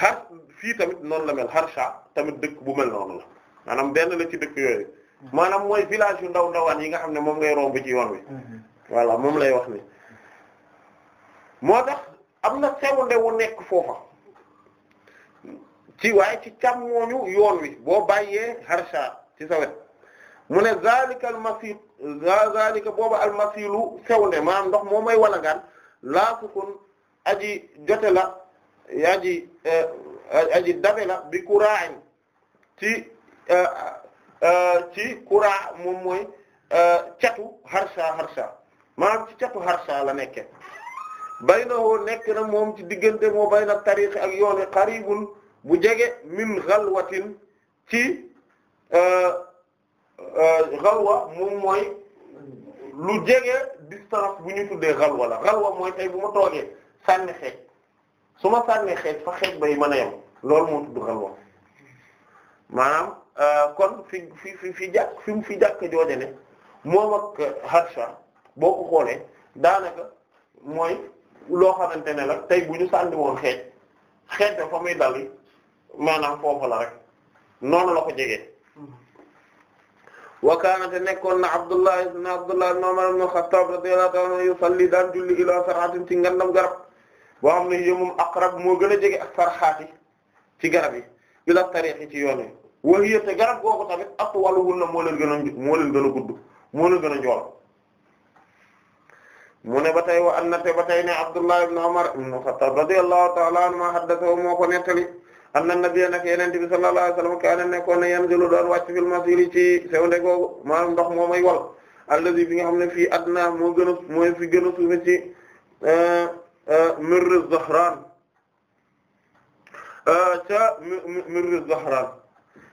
xar fii tamit noonu la mel Harsha tamit dëkk bu mel noonu la maanaam benn la ci dëkk yooyu maanaam mooy village yu ndaw ndawaan yi nga xam ne moom ngay romb ji yoon wi mhm. voilà moom lay wax ni moo tax am na sewnde wu nekk foofa ci waaye ci càmmooñu yoon wi boo bàyyee Harsha ci sawet mu ne zalika al masil zalika booba al masilu sewnde maanaam ndox moo may walangaan laa sukun aji jote la aji eh, eh, aji dafe la bi kura'in ci eh, ci kura moom mooy catu harsha harsha maanaam ci catu harsha la nekke woo nekk na moom ci diggante moo bayna tariq ak yooni qaribun bu jege min xalwatin ci xalwa moom mooy lu jege distance bu ñu tuddee xalwa la xalwa mooy tey bu ma toogee sànni xeej su ma sànnee xeej fa xeej bay mën a yem loolu moo tudd xalwa maanaam euh, kon fi fi fi fi jàkk fi mu fi jàkk jooje ne moom ak harsha boo ko xoolee daanaka mooy loo xamante ne la tey bu ñu sànni woon xeej xeej fa muy dal maanaam foofu la rek noonu la ko jege. wa kaanate nekkoon na Abdullah ibn Abdullah ibn Umar ibn Khattab radiyallahu anhu yusalli daan julli ila sar'atin ci ngandam garab boo xam ne yomum aqrab moo gën a jege ak sarxaati ci garab yi ila tariix yi ci yoon yi wax yétte garab googu tamit ak wàllu wun na moo gën a moo leen gën a gudd moo gën a njool mu ne ba tey wa an nate ba tey ne Abdullah ibn Umar ibn Khattab radiyallahu ta'ala anhuma haddathahu moo ko nettali anna nabiyya nak yonent bi sallallahu alayhi wasallam kaana nekkoon na yanzilu doon wàcc fil masiri ci sew nde ndox moo may wal allazi bi nga xam ne fi adna moo gën a mooy fi gën a Mirr az-Zahran ca Mirr az-Zahran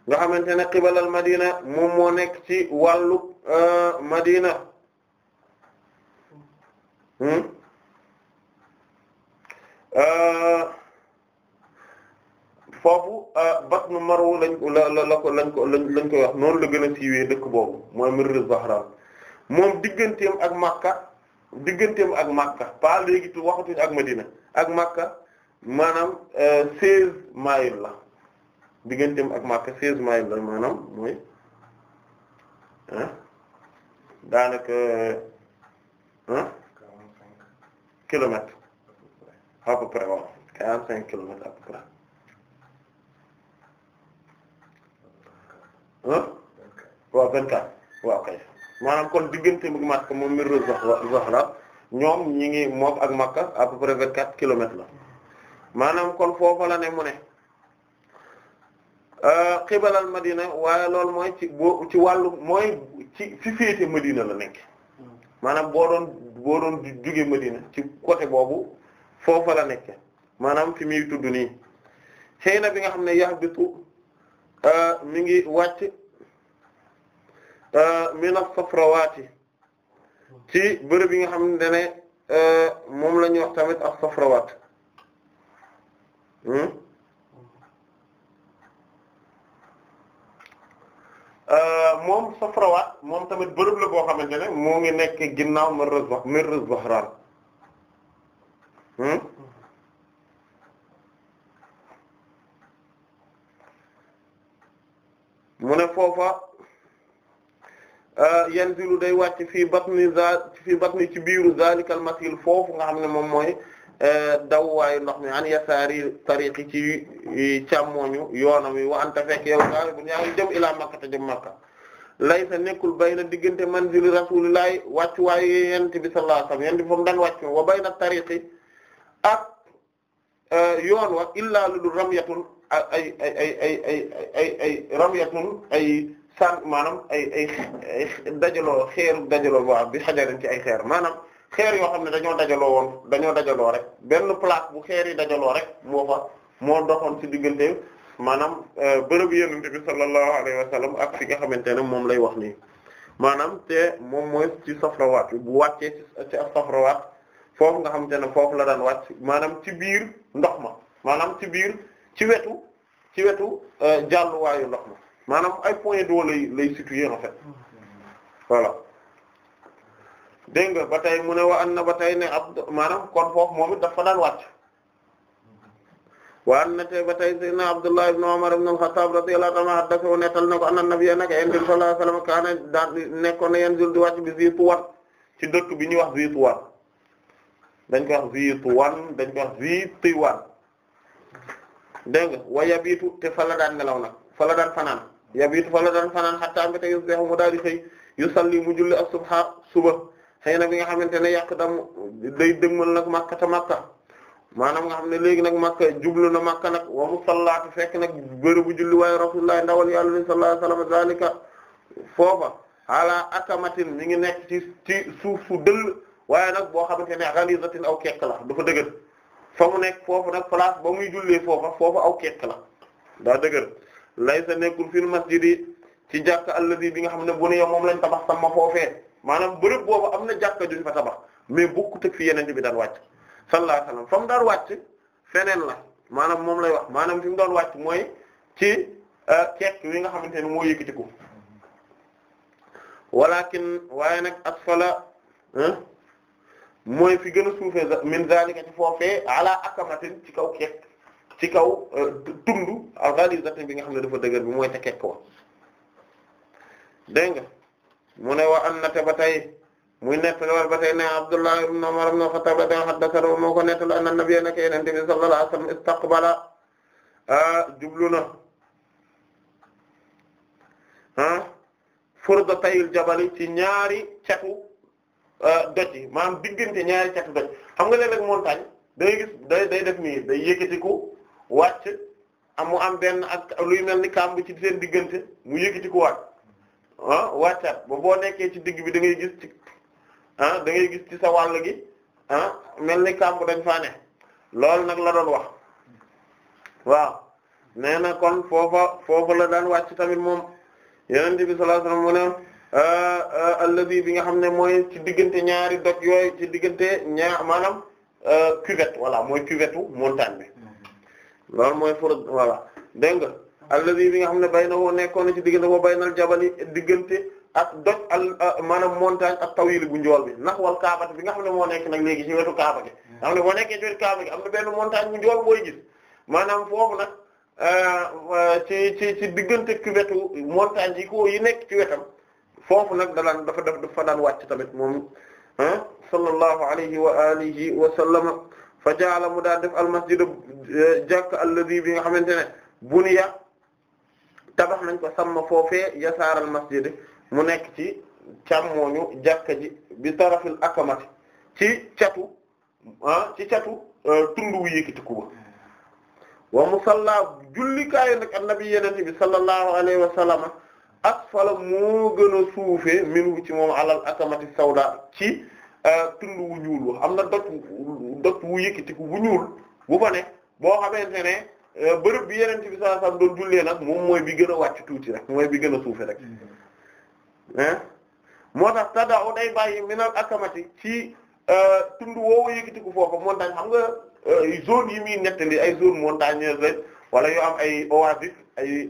nga xamante ne qibal al-Madina moom moo nekk ci wàllu Madina hmm? foofu batnu Marw lañ ko la la ko lañ ko lañ koy wax noonu la gën a siiwee dëkk boobu mooy Mirr az-Zahran moom digganteem ak Makka digganteem ak Makka pas léegi tu waxatuñ ak Madina ak Makka maanaam 16 euh, mayil la digganteem ak Makka 16 mayil la maanaam mooy ah daanaka ah. kilomètres à peu près waaw 45 kilomètres à peu près ah waaw 24 maanaam kon diggante bu Makka moom Mirru Zuhra ñoom ñi ngi mook ak Makka à peu près vingt quatre kilomètres la maanaam kon foofa la ne mu ne xibalal euh, Madina waaye lool mooy ci boo ci wàllu mooy ci fi féete Madina la nekk maanaam boo doon boo doon jóge Madina ci côté boobu foofa la nekk maanaam fi muy tudd nii xëy bi nga xam ne yax bitu euh, mi ngi wàcc Euh, min as-safrawaati ci bërëb yi nga xamante ne euh, moom la ñuy wax tamit as-safrawaat hmm? euh, moom safrawaat moom tamit bërëb la boo xamante ne moo ngi nekk ginnaaw Mirz Zahran hmm? mu ne foofa Euh, yanzilu day wàcc fii batni za fii batni ci biiru zalikal masil foofu nga xam ne moom mooy euh, daw waayu ndox mi an yasaari tariqi ci càmmooñu yoonam wi wa anta fekk yow daal bu yaa ngi jëm ilaa makka te jëm makka laysa nekkul bayna diggante manzili rasulillahi wàcc waayu yonent bi sallallahu alayhi wasallam yonent bi foofu daan moom wa bayna tariqi ak euh, yoon wa illaa lu dul ramyatun ay ay ay ay san maanaam ay ay ay dajaloo xeeru dajaloo waaw bi xajarin ci ay xeer maanaam xeer yoo xam ne dañoo dajaloo woon dañoo dajaloo rek benn place bu xeer yi dajaloo rek moo fa moo doxoon ci diggante maanaam euh, bërëb yenente bi sallallahu alayhi wa sallam ak fi nga xamante ne moom lay wax nii maanaam te moom mooy ci safrawaat bu wàccee ci ak safrawaat foofu nga xamante ne foofu la daan wàcc maanaam ci biir ndox ma maanaam ci biir ci wetu ci wetu euh, jàlluwaayu ndox ma maanaam ay point d'eau lay lay situé en fait voilà dégg nga ba tey mu ne wa an na ba tey ne ab maanaam kon foofu moom it dafa daan wàcc wa an na ba tey sayyidina Abdullah ibn Umar ibn al-Khattab radiyallahu anhu haddathahu nettal ne ko anna nabiyya na yen dil sallallahu alayhi wasallam kaana nekkoon na yen dil di wàcc bi Zituwan ci dëkk bi ñuy wax Zituwan dañ ko wax Zituwan dañ ko wax Zituwan dégg nga wa yabitu te fa la nelaw nag fa fanaan yabiitu fa la daan fanaan hatta mbéta yusbihu mu daal di xëy yusalli mu julli as-subha suba xëy na bi nga xamante ne yàq dam day dëgmal nag Makka ta Makka maanaam nga xam ne léegi nag Makka jublu na Makka nag wa musallaati fekk nag bërëbu julli waaye Rasulullah ndawal yàlla sallallahu alayhi wa sallam zalika foofa ala akamatin mi ngi nekk ci ci suuf su dëll waaye nag boo xamante ne ghalizatin aw kekk la dafa dëgër fa mu nekk foofu nag place ba muy jullee foofa foofu aw kekk la daa dëgër laysa nekkul fil masjidi ci jàkka alladi bi nga xam ne bu ne yow moom lañ tabax sama foofee maanaam bërëb boobu am na jàkka juñ fa tabax mais bokkut ak fi yeneen bi daan wàcc sallallahu alayhi wasallam fa mu daan feneen la maanaam moom lay wax maanaam fi mu doon wàcc mooy ci euh, kekk wi nga xamante ne moo yëkkati ko walakin waaye nag asfala mooy fi gën a suufee min zalika ci foofee la akamatin ci kaw kekk ci kaw euh, tund alxalizati bi nga xam ne dafa dëgër bi mooy ca kekk wa dégg nga mu ne wa an na te ba tey muy nettali war ba tey ne Abdullah ibn Umar ibn Khattab da nga xaddasaro moo ko nettali anna nabiyya nak yonent bi sallallahu alayhi wasallam istaqbala ah, jublu na ah furdatayil jabali ci ñaari catu ah, doj yi maanaam diggante ñaari catu doj xam nga léeg-léeg montagne day def nii day wàcc amu am benn ak luy mel ni kàmb ci seen diggante mu yëkkati ko waat ah wàccaat ba boo nekkee ci digg bi da ngay gis ci ah da gis ci sa wàll gi ah mel ni kàmb dañ faa ne loolu nag la doon wax waaw nee na kon foofa foofa la daan wàcc tamit moom yeneen bi sallallahu alayhi wasallam mu ah, ah, bi nga xam ne mooy ci diggante ñaari doj yooyu ci diggante ñaar maanaam ah, cuvette wala mooy cuvette u montagne bi loolu mooy fur voilà dégg nga allazi bi nga xam ne bay na woo nekkoon na ci diggante boo bay nal jabali diggante ak doj al maanaam montagne ak tawil bu njool bi ndax wal kaaba bi nga xam ne moo nekk nag léegi ci wetu kaaba gi mm. nga xam ne boo nekkee ci wetu kaaba gi am na benn montagne bu njool booy gis maanaam foofu nag ci ci ci diggante ki wetu montagne yi yi nekk ci wetam foofu nag dalaan dafa def dafa daan wàcc tamit moom ah sallallahu alayhi wa alihi wa sallam fa jaala mu daal def almasjida eh, jàkk alladi bi nga xamante ne buniya tabax nañ ko samma foofee yasaaral masjid mu nekk ci càmmooñu jàkka ji bi tarafil akamati ci catu ah ci ku eh, wa mu yëkkatiku ba wa musalla nag annabi yenente bi sallallahu alayhi wa sallama asfala moo gën a suufee min wu ci moom alal akamati sawda ci Euh, tund wu ñuul wax am na dot dot wu yëkkatiku bu ñuul bu fa ne boo xamante ne euh, bërëb bi yeneen bi sallallahu alayhi wasallam doon jullee nag moom mooy bi gën a wàcc tuuti rek mooy bi gën a suufe rek ah moo tax tadaaw day bàyyi minal akamati ci euh, tund woowu yëkkatiku foofu montagne xam nga zone yi muy nettali ay zone montagneuse lañ wala yoo am ay oasis ay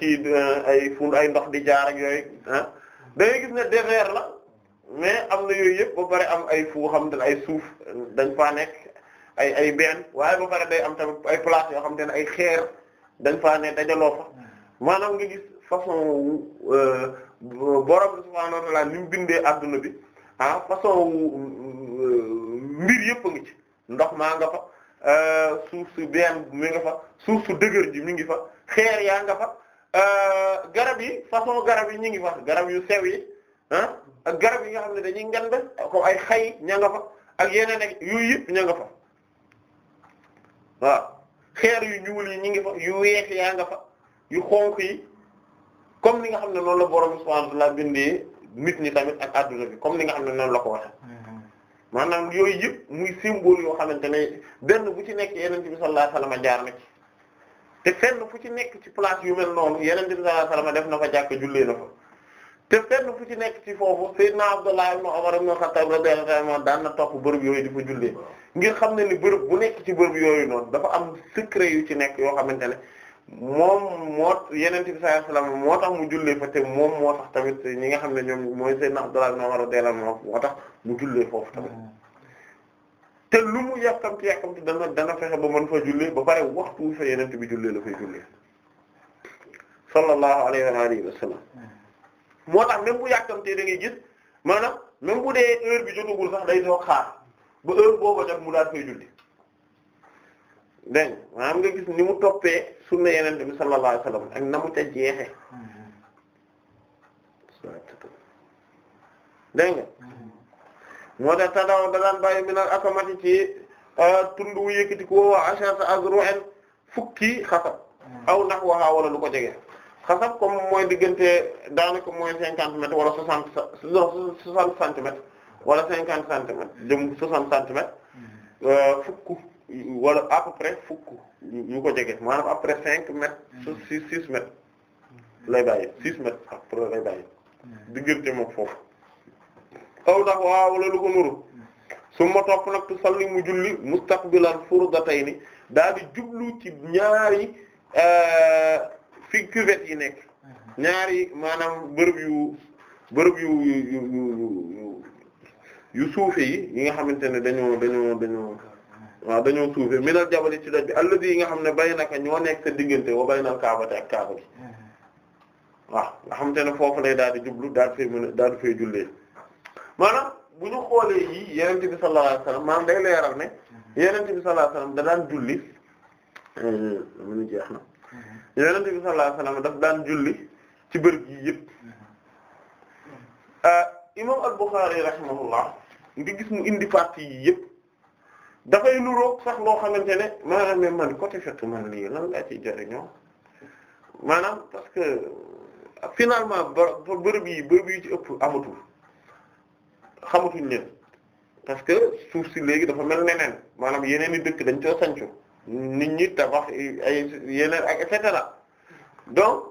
kii ay ay ndox di jaar ak yooyu ah da gis ne désert la mais am na yooyu yëpp ba pare am ay fu xam te ne ay suuf dañ faa nekk ay ay benn waaye ba pare day am tamit ay place yoo xam te ne ay xeer dañ faa ne dajaloo fa maanaam nga gis façon euh, borom subhaanahu wa ta'aala ni mu bindee adduna bi ah façon euh, mbir yëpp a ngi ndox maa nga fa euh, suuf su benn mi nga fa suuf su dëgër ji mi ngi fa xeer yaa nga fa garab yi façon garab yi ñu ngi fa garab yu sew yi. ah ak garab yi nga xam ne dañuy ngan be ko ay xay ña nga fa ak yeneen ak yooyu yëpp fa waaw xeer yu ñuul yi ñu ngi fa yu weex yaa nga fa yu xonq yi comme ni nga xam ne noonu la borom subhanahu wa ta'ala bindee nit ñi tamit ak adduna bi comme ni nga xam ne noonu la ko waxe maanaam yooyu yëpp muy symbole yoo xamante ne benn bu ci nekk yeneen bi sallallahu alayhi wasallam jaar na ci te fenn fu ci nekk ci place yu mel noonu yeneen bi sallallahu alayhi wasallam def na fa jàkk jullee na fa te fenn fu ci nekk ci foofu Seydina Abdullah ibn Umar ibn Khattab radiyallahu anhu daan na topp bërëb yooyu di fa jullee ngir xam ne ni bërëb bu nekk ci bërëb yooyu noonu dafa am secret yu ci nekk yoo xamante ne moom moo yeneen bi sallallahu alayhi wasallam moo tax mu jullee fa te moom moo tax tamit ñi nga xam ne ñoom mooy Seydina Abdullah ibn Umar radiyallahu anhu moo tax mu jullee foofu tamit hmm. te lu mu yàkkamti yàkkamti dana dana fexe ba mën fa jullee ba pare waxtu fa yeneen la fay jullee sallallahu moo tax même bu yàkkamtee da ngay gis maanaam même bu dee heure bi jotagul sax day toog xaar ba heure booba def mu daal koy julli dégg nga nga gis ni mu toppee sunna yenente bi sallallahu alayhi wasallam ak na mu ca jeexe dégg nga moo tax tadaw dadaan bàyyi mi nag akamati ci euh, tund wu yëkkati ko wa asharta azru'an fukki xasab aw nahwaha wala lu ko jege xasaf comme mooy diggante daanaka mooy cinquante mètres wala soixante soixante centimètres wala cinquante centimètres jëm soixante centimètres hmm. euh, fukk wala à peu près ko jege maanaam après cinq mètres hmm. six six mètres lay bàyyi six mètres après lay bàyyi hmm. diggante moom foofu aw dax waa wala lu ko nuru su ma nag tu salli mu julli mustaqbilal furdatayni daal di jublu ci ñaari euh, fi cuvette yi nekk ñaari maanaam bërëb yu bërëb yu yu yu yu suufe yi yi nga xamante ne dañoo dañoo dañoo waaw dañoo suufe minal jabali ci doj bi alladi yi nga xam ne bay naka ñoo nekk sa diggante wa bay nal kaabate ak kaaba waaw nga xamante ne foofu lay daal di jublu daal di fay mën a daal di fay jullee maanaam bu ñu xoolee yi yonent bi sallallahu alayhi maanaam day leeral ne yonent bi sallallahu alayhi wasallam julli mu jeex na yonent bi sallallahu alayhi wasallam daf daan julli ci bërëb yi yëpp mhm. ah, imam al-Bukhari rahimahullah ngi gis mu indi parti yi yëpp dafay nuroog sax loo xamante ne maanaam mais man côté fekk man lii lan laa ci jariñoo maanaam parce que finalement ba bërëb yi bërëb yi ci ëpp amatul xamatuñ leen parce que suuf si léegi dafa mel ne neneen maanaam yeneen i dëkk dañ coo sancu nit ñi tabax ay yeneen ak et cetera donc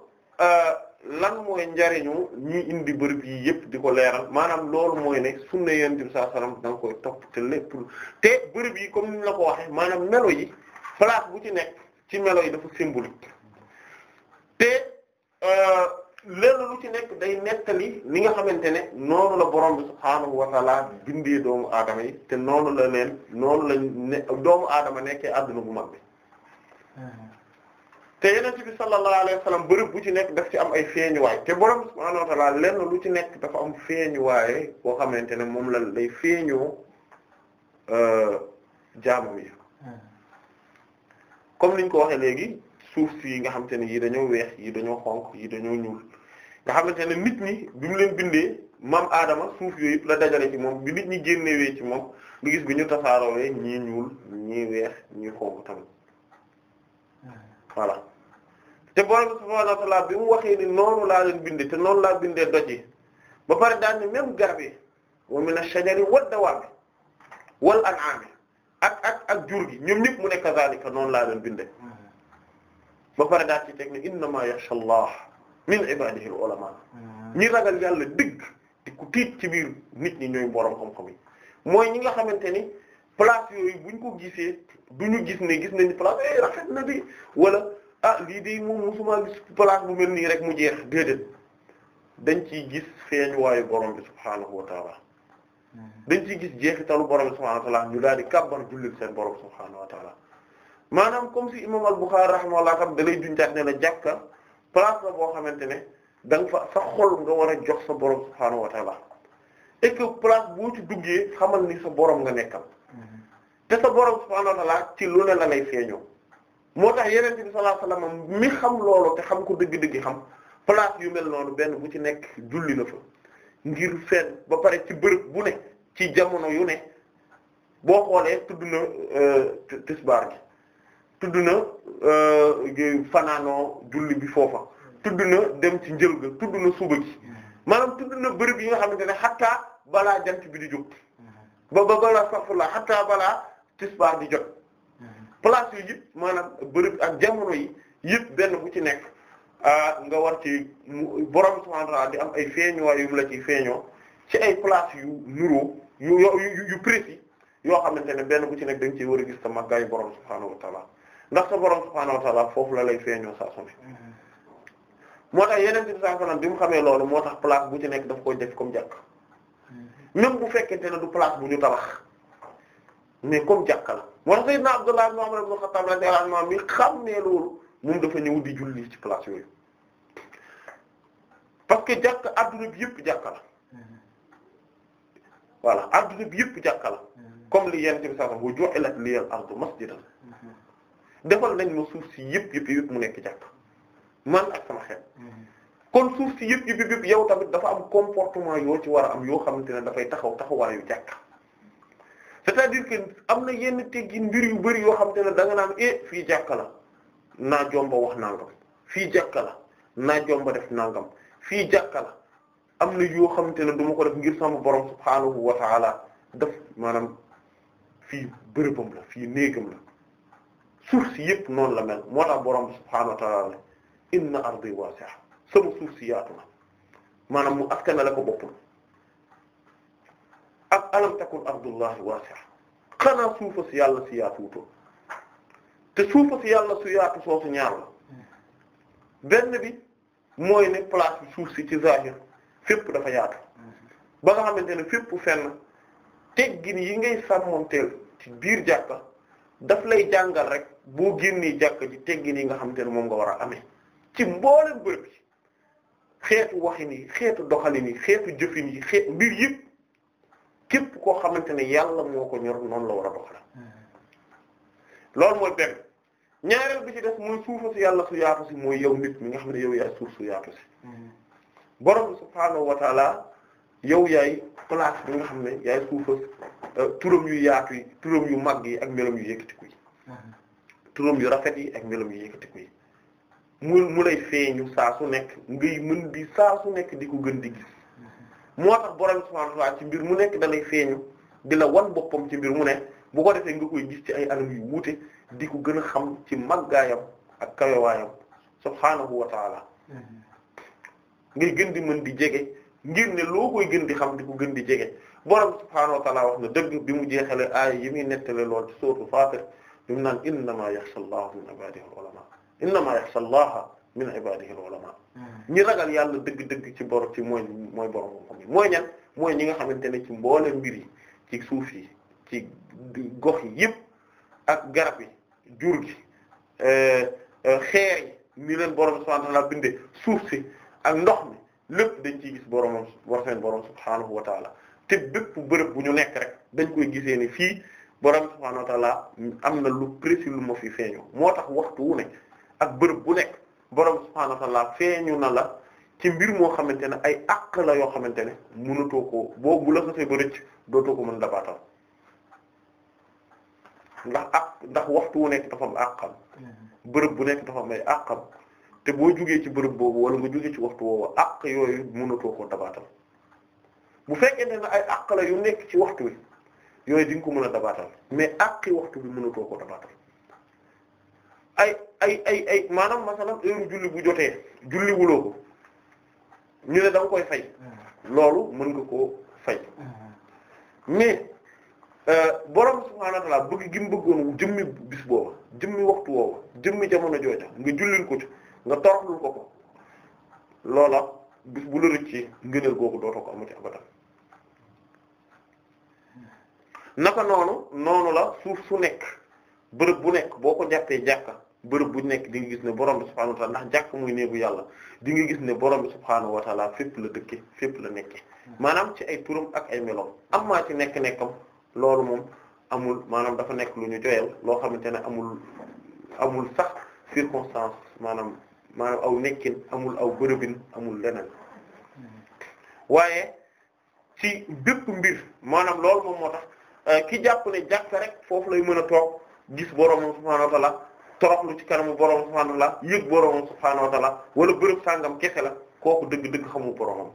euh, lan mooy njariñu ñuy indi bërëb yi yëpp di ko leeral maanaam loolu mooy ne sunna yonent bi sallallahu alayhi wasallam da nga koy topp te lépp te bërëb yi comme ni la ko waxee maanaam melo yi place bu ci nekk ci melo yi dafa symbolique te. Euh, lenn lu ci nekk day nettali ni nga xamante ne noonu la borom bi subhaanahu wa taala bindee doomu aadama yi te noonu la leen noonu la ne doomu aadama nekkee àdduna bu mag bi te yeneen bi sallallahu alayhi wa sallam bërëb bu ci nekk daf ci am ay feeñuwaay te borom bi subhaanahu wa taala lu ci nekk dafa am feeñu waaye koo xamante ne moom la lay feeñoo euh, jaamu yi comme niñ ko waxee léegi suuf si yi nga xamante ne yii dañoo weex yii dañoo xonq yii ñuul nga xamante ne nit ñi bi mu leen bindee maam aadama suuf yooyu la dajale ci moom bi nit ñi génnewee ci moom nga gis bi ñu tasaaroowee ñii ñuul ñii weex ñii xonq tamit te borom subhaanahu wa bi mu waxee ni noonu laa leen bindee te noonu laa bindee doj ba pare daal ni même garab yi wa min ash-shajari wad-dawaabi wal an'aami ak ak ak jur gi ñoom ñëpp mu ne kazaalika noonu laa leen bindee hmm. ba pare daal ci teg ni innamaa yaxsha Allah min ibadihi al hmm. ragal yàlla dëgg te ku tiit ci biir nit ñi ñooy borom xam-xam mooy ñi nga xamante ni place yooyu buñ ko gisee du ñu gis ne gis nañu place eh na di wala ah lii de moom mosuma gis place bu mel nii rek mu jeex déedéet dañ ciy gis feeñuwaayu borom bi subhaanahu wa taala hmm. dañ ci gis jeexitalu borom bi subhaanahu wa taala ñu daal di kàbbar jullil seen borom subhaanahu wa taala maanaam comme si imam al-Bukhari rahimahullah tam da lay junjaat ne la jàkka. place la boo xamante ne da fa sa xol nga war a jox sa borom subhaanahu wa taala et que place boo ci duggee xamal ni sa borom nga nekkal mm-hmm. te sa borom subhaanahu wa taala ci lu ne la lay feeñoo moo tax yeneen bi sallallahu alayhi wasallam mi xam loolu te xam ko dëgg-dëgg xam place yu mel noonu benn bu ci nekk julli na fa ngir fenn ba pare ci bërëb bu ne ci jamono yu ne boo xoolee tudd na euh, tisbaar gi tudd na euh, fanaanoo julli bi foofa tudd na dem ci njël ga tudd na suba gi maanaam tudd na bërëb yi nga xamante ne xattaa balaa jant bi di jóg ba ba balaa safula xattaa balaa tisbaar di jot place yi yëpp maanaam bërëb ak jamono yi yëpp benn bu ci nekk euh, nga war ci borom subhanahu wa di am ay feeñuwaay yu mu la feeñoo ci ay place yu nuroo yu yu yu yoo xamante ne benn bu ci nekk dañ ci war gis ta màggaayu borom subhanahu wa ta'ala ndax sa borom subhaanahu wa foofu la lay feeñoo saa moo tax yeneen ci saa su bi mu xamee loolu moo tax place bu ci nekk daf koy def comme jàkk même bu fekkente ne du place bu ñu tabax mais comme jàkk la moo tax Sayyidina Abdullah ibn Umar ibn Khattab radiyallahu anhu mi xam ne loolu moom dafa ñëw di julli ci place yooyu parce que jàkk adduna bi yëpp jàkk la ardu adduna bi yëpp jàkk la comme li yenn ci saa su ne bu ju'ilat liyal ardu masjidan defal nañ ma suuf si yëpp yëpp yëpp mu nekk jàkk man ak yëpp yëpp yow tamit dafa am comportement yoo ci war a am yoo xamante ne dafay taxaw taxawaayu jàkk c'est-à-dire que am na yenn teggin mbir yu bari yoo xamante ne danga naan eh, fii jàkk la naa jomba wax nangam fii jàkk la naa jomba def nangam fii jàkk la am na yoo xamante ne duma ko def ngir sama borom subhaanahu wa taala def maanaam fii bërëbam la fii néegam la suuf si yëpp noonu la mel moo tax borom subhaanahu wa ta'aala ne inna ardi waasi'a sama suuf si yaatu na mu askana la ko boppam ak alam takun ardullahi waasi'a xanaa suufa si yàlla si yaatuwutoo te suufa si yàlla su yaatu soosu ñaar la benn bi mooy ne place suuf si ci zahir fépp dafa yaatu ba nga xamante ne fépp fenn gin yi ngay sàmmoonteel ci biir jàkka daf lay jàngal rek boo génnee jàkk ji teggi yi nga xamante ne moom nga war a amee ci mboolem bërëb yi xeetu waxin yi xeetu doxalin yi xeetu jëfin yi xeetu mbir yëpp képp koo xamante ne yàlla moo ko ñor noonu la war a doxala loolu mooy benn ñaareel bi ci def mooy suufa si yàlla su yaatu si mooy yow nit mi nga xam ne yow yaay suuf su yaatu si hmm. borom subhaanahu wa yow yaay place bi nga xam ne yaay suufas euh, turam yu yaatu yi turam yu mag yi ak melam yu yëkkatiku yi turam yu rafet yi ak melam yu yëkkatiku yi mu mu lay feeñu saa su nekk ngay mën di saa su nekk di ko gën di gis moo tax borom subhanahu wa ta'ala ci mbir mu nekk da lay di la wan boppam ci mbir mu ne bu ko defee nga koy gis ci ay anam yu wuute di ko gën a xam ci màggaayam ak kawewaayam subhanahu wa ta'ala mm-hmm. ngay gën di mën di jege ngir ne loo koy gën di xam di ko gën di jege borom subhaanahu wa wax na dëgg bi mu jeexale aaya yi muy nettale lool ci suuratul Faatir bi mu naan innamaa ma Allaha min ibaadihi al-ulamaa innamaa yaxsha Allaha min ibaadihi al-ulamaa hmm. ñi ragal yàlla dëgg-dëgg ci bor ci mooy mooy borom xam yi mooy ñan mooy ñi nga xamante ne ci mboole mbir yi ci suuf yi ci gox yi yëpp ak garab yi jur gi euh, euh, xeer ni leen borom subhaanahu wa ta'aala binde suuf si ak ndox mi lépp dañ ci gis boromam war seen borom subhaanahu wa taala te bépp bërëb bu ñu nekk rek dañ koy gisee ni fii borom subhaanahu wa am na lu précis lu ma fi feeñu moo tax waxtu wu ne ak bërëb bu nekk borom subhaanahu wa taala feeñu na la ci mbir moo xamante ne ay àq la yoo xamante ne mënatoo ko boo bu la xasee ba rëcc dootoo ko mën dabaatal ndax ak ndax waxtu wu nekk dafa am àqam mm-hmm. bërëb bu nekk dafa am àqam te boo jugee ci bërëb boobu wala nga jugee ci waxtu woowu àq yooyu mënatoo koo dabaatal bu fekkee ne ay àq la yu nekk ci waxtu wi yooyu di ko mën a dabaatal mais àqi waxtu bi mënatoo koo dabaatal ay ay ay ay maanaam masalan heure julli bu jotee julli ko ñu ne da koy fay mm-hmm. loolu mën nga koo fay mm-hmm. mais euh, borom subhaanahu wa ta'aala bëgg gi mu bëggoon jëmmi bis booba jëmmi waxtu woowa jëmmi jamono jooja nga jullil ko ci nga toroxlul ko ko loola bis bu la rëcci ngëneel googu dootoo ko amati abadan naka noonu noonu la suuf su nekk bërëb bu nekk boo ko jàppee jàkka bërëb bu nekk di gis ne borom bi subhaanahu wa ta'ala ndax jàkk muy yàlla di nga gis ne borom bi subhaanahu wa ta'ala la dëkke fépp la nekke maanaam ci ay turam ak ay melo am maa ci nekk-nekkam loolu moom amul maanaam dafa nekk lu ñu joyal loo xam ne amul amul sax circonstance maanaam maanaam aw nekkin amul aw bërëbin amul leneen waaye ci bépp mbir maanaam lool moom moo tax euh, ki jàpp ne jàkka rek foofu lay mën a toog gis boroomam subhaanahu wa ta'ala toroxlu ci kanamu boroomam subhaanahu wa ta'ala yëg boroomam subhaanahu wa ta'ala wala bërëb sàngam kese la kooku dëgg-dëgg xamul boroomam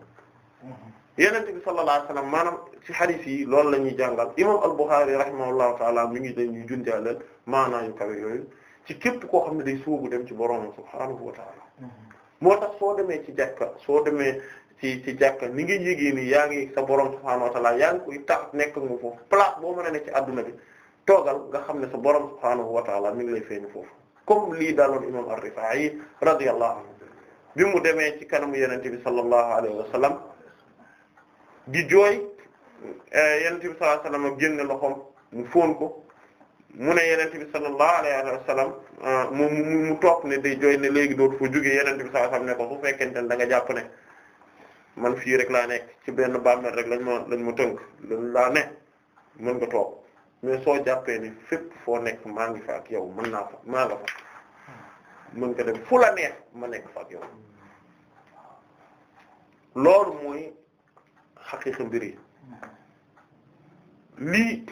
yenente bi sallallahu alayhi wasallam maanaam ci hadith fii loolu la ñuy jàngal imam al-Bukhari rahimahullahu ta'ala mi ngi dañuy junjaaleel maanaa yu kawe yooyu ci képp koo xam ne day sóobu dem ci boroomam subhaanahu wa ta'ala hmm. moo tax soo demee ci jàkka soo demee ci ci jàkka ni nga yégee ni yaa ngi sa boroom subhaanahu wa ta'ala yaa ngi koy tax nekk mu foofu place boo mën a ne ci adduna bi toogal nga xam ne sa borom subhaanahu wa ta'ala mi ngi lay feeñu foofu comme lii daaloon imam ar-Rifa'i radiyallahu bi mu demee ci kanamu Yonent bi sallallahu alayhi wa sallam di jooy eh, Yonent bi sallallahu alayhi ko mu ne yenente bi sallallahu alayhi wa sallam ah, mu mu toog ne day jooy ne léegi dootu fa jógee yenente bi sallallahu alayhi wa sallam ne ko su fekkente ne da nga jàpp ne man fii rek laa nekk ci benn bàmmeel rek lañ ma lañ ma tënk lañ laa ne mën nga toog mais soo jàppee ni fépp foo nekk maa ngi fa ak yow mën naa fa maa nga fa mën nga dem fu la neex ma nekk fa ak yow loolu mooy xaqiiqa mbir yi lii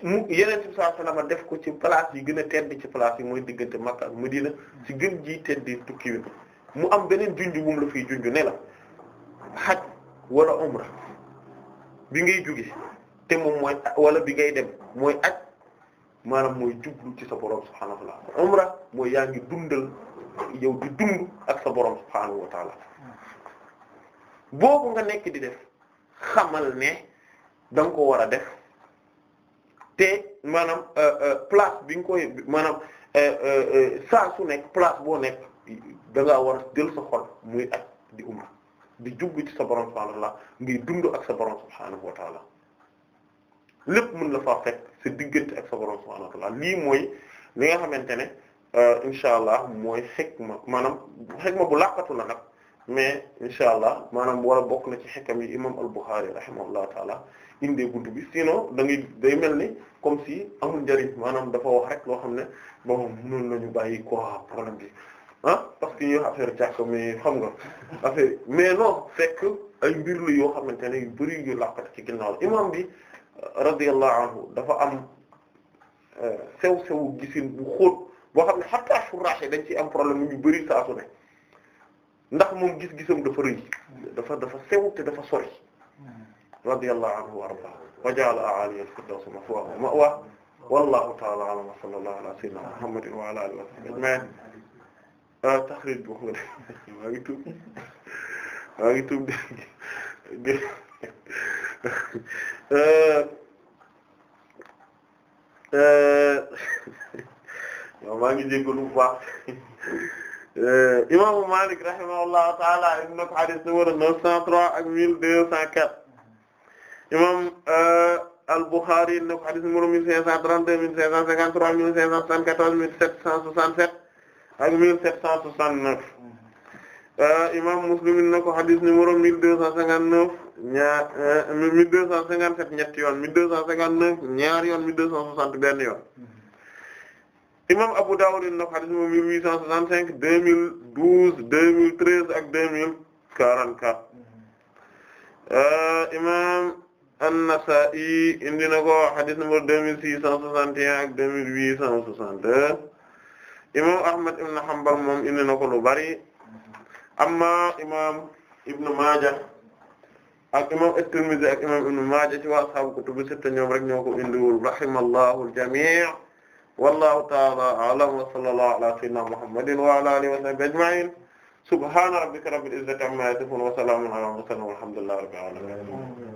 mu yeneen ci sallallahu alayhi wasallam def ko ci place yi gën a tedd ci place yi mooy diggante Makka ak Medina ci gën ji teddi tukki wi mu am beneen junj bu mu la fiy junj ne la xaj wala umra bi ngay jóge te moom mooy wala bi ngay dem mooy aj maanaam mooy jublu ci sa borom subhaanahu umra mooy yaa ngi dundal yow di dund ak sa borom subhaanahu boobu nga nekk di def xamal ne danga ko war a def te maanaam euh, euh, place bi nga koy maanaam euh, saa su nekk place boo nekk da ngaa war a jël sa xol muy ak di umra di jublu ci sa borom subhaanahu wa dund ak sa borom subhaanahu wa lépp mën la faa fekk sa diggante ak sa borom subhaanahu lii mooy li nga xamante ne incha allah mooy xikma maanaam xikma bu laqatu la nag. mais insha allah maanaam wala bokk na ci xikam yi imam al-Bukhari rahimahullahu taala indee bunt bi sinon da ngay day mel ni comme si amul njëriñ maanaam dafa wax rek loo xam ne bon noonu la ñu bàyyi ko problème bi ah parce que yow affaire càkk mais xam nga affaire mais non fekk ay mbir la yoo xamante ne yu bari yu làqat ci ginnaaw imam bi euh, radiyallahu anhu dafa am sew euh, sew gisin bu xóot boo xam ne xatta suraax yi dañ ciy am problème yu bari saa ne ndax moom gis gis dafa rëy dafa dafa sew te dafa sori radiyallahu anhu wa arda wa ja'ala a'aliyal firdaws mathwaahu ma'waahu wallahu ta'ala a'lam wa sallallahu ala sayyidina muhammadin wa ala alihi wa sahbihi ajma'in ah, taxrij bi wax nga de maa ngi tuub ngi tuub maa ngi jéggalu baax Eh, imaamu Malik rahimahullahu ta'ala indi na ko hadith numéro 903 ak 1204 imam eh, al-Bukhari indi na ko hadith numéro 1532 1553 1574 1767 ak 1769 eh, imam Muslim in na ko hadis numéro mille deux cent cinquante neuf ñaar mille deux cent cinquante sept ñetti yoon mille deux cent cinquante neuf ñaari yoon mille deux cent soixante benn yoon imam Abu Dawud in na ko hadis moom mille huit cent soixante-cinq deux mille douze deux mille treize ak deux mille quarante-quatre euh, imam An-Nasa'i indi na ko hadis numéro deux mille six cent soixante et un ak deux mille huit cent deux imam Ahmad ibn Hanbal moom indi na ko lu bari amma imam Ibn Maaja ak imam At-Tirmidhi ak imam Ibn Maaja ci waa ashaabu kutubu sitta ñoom rek ñoo ko indiwul rahimallahu al-jami' wallahu ta'ala a'lam wa sallallahu ala sayyidina muhammadin wa ala alihi wa sahbihi ajma'in subhana rabbika rabbil izzati amma yasifun wa salamun ala mursalin walhamdulillahi rabbil alamin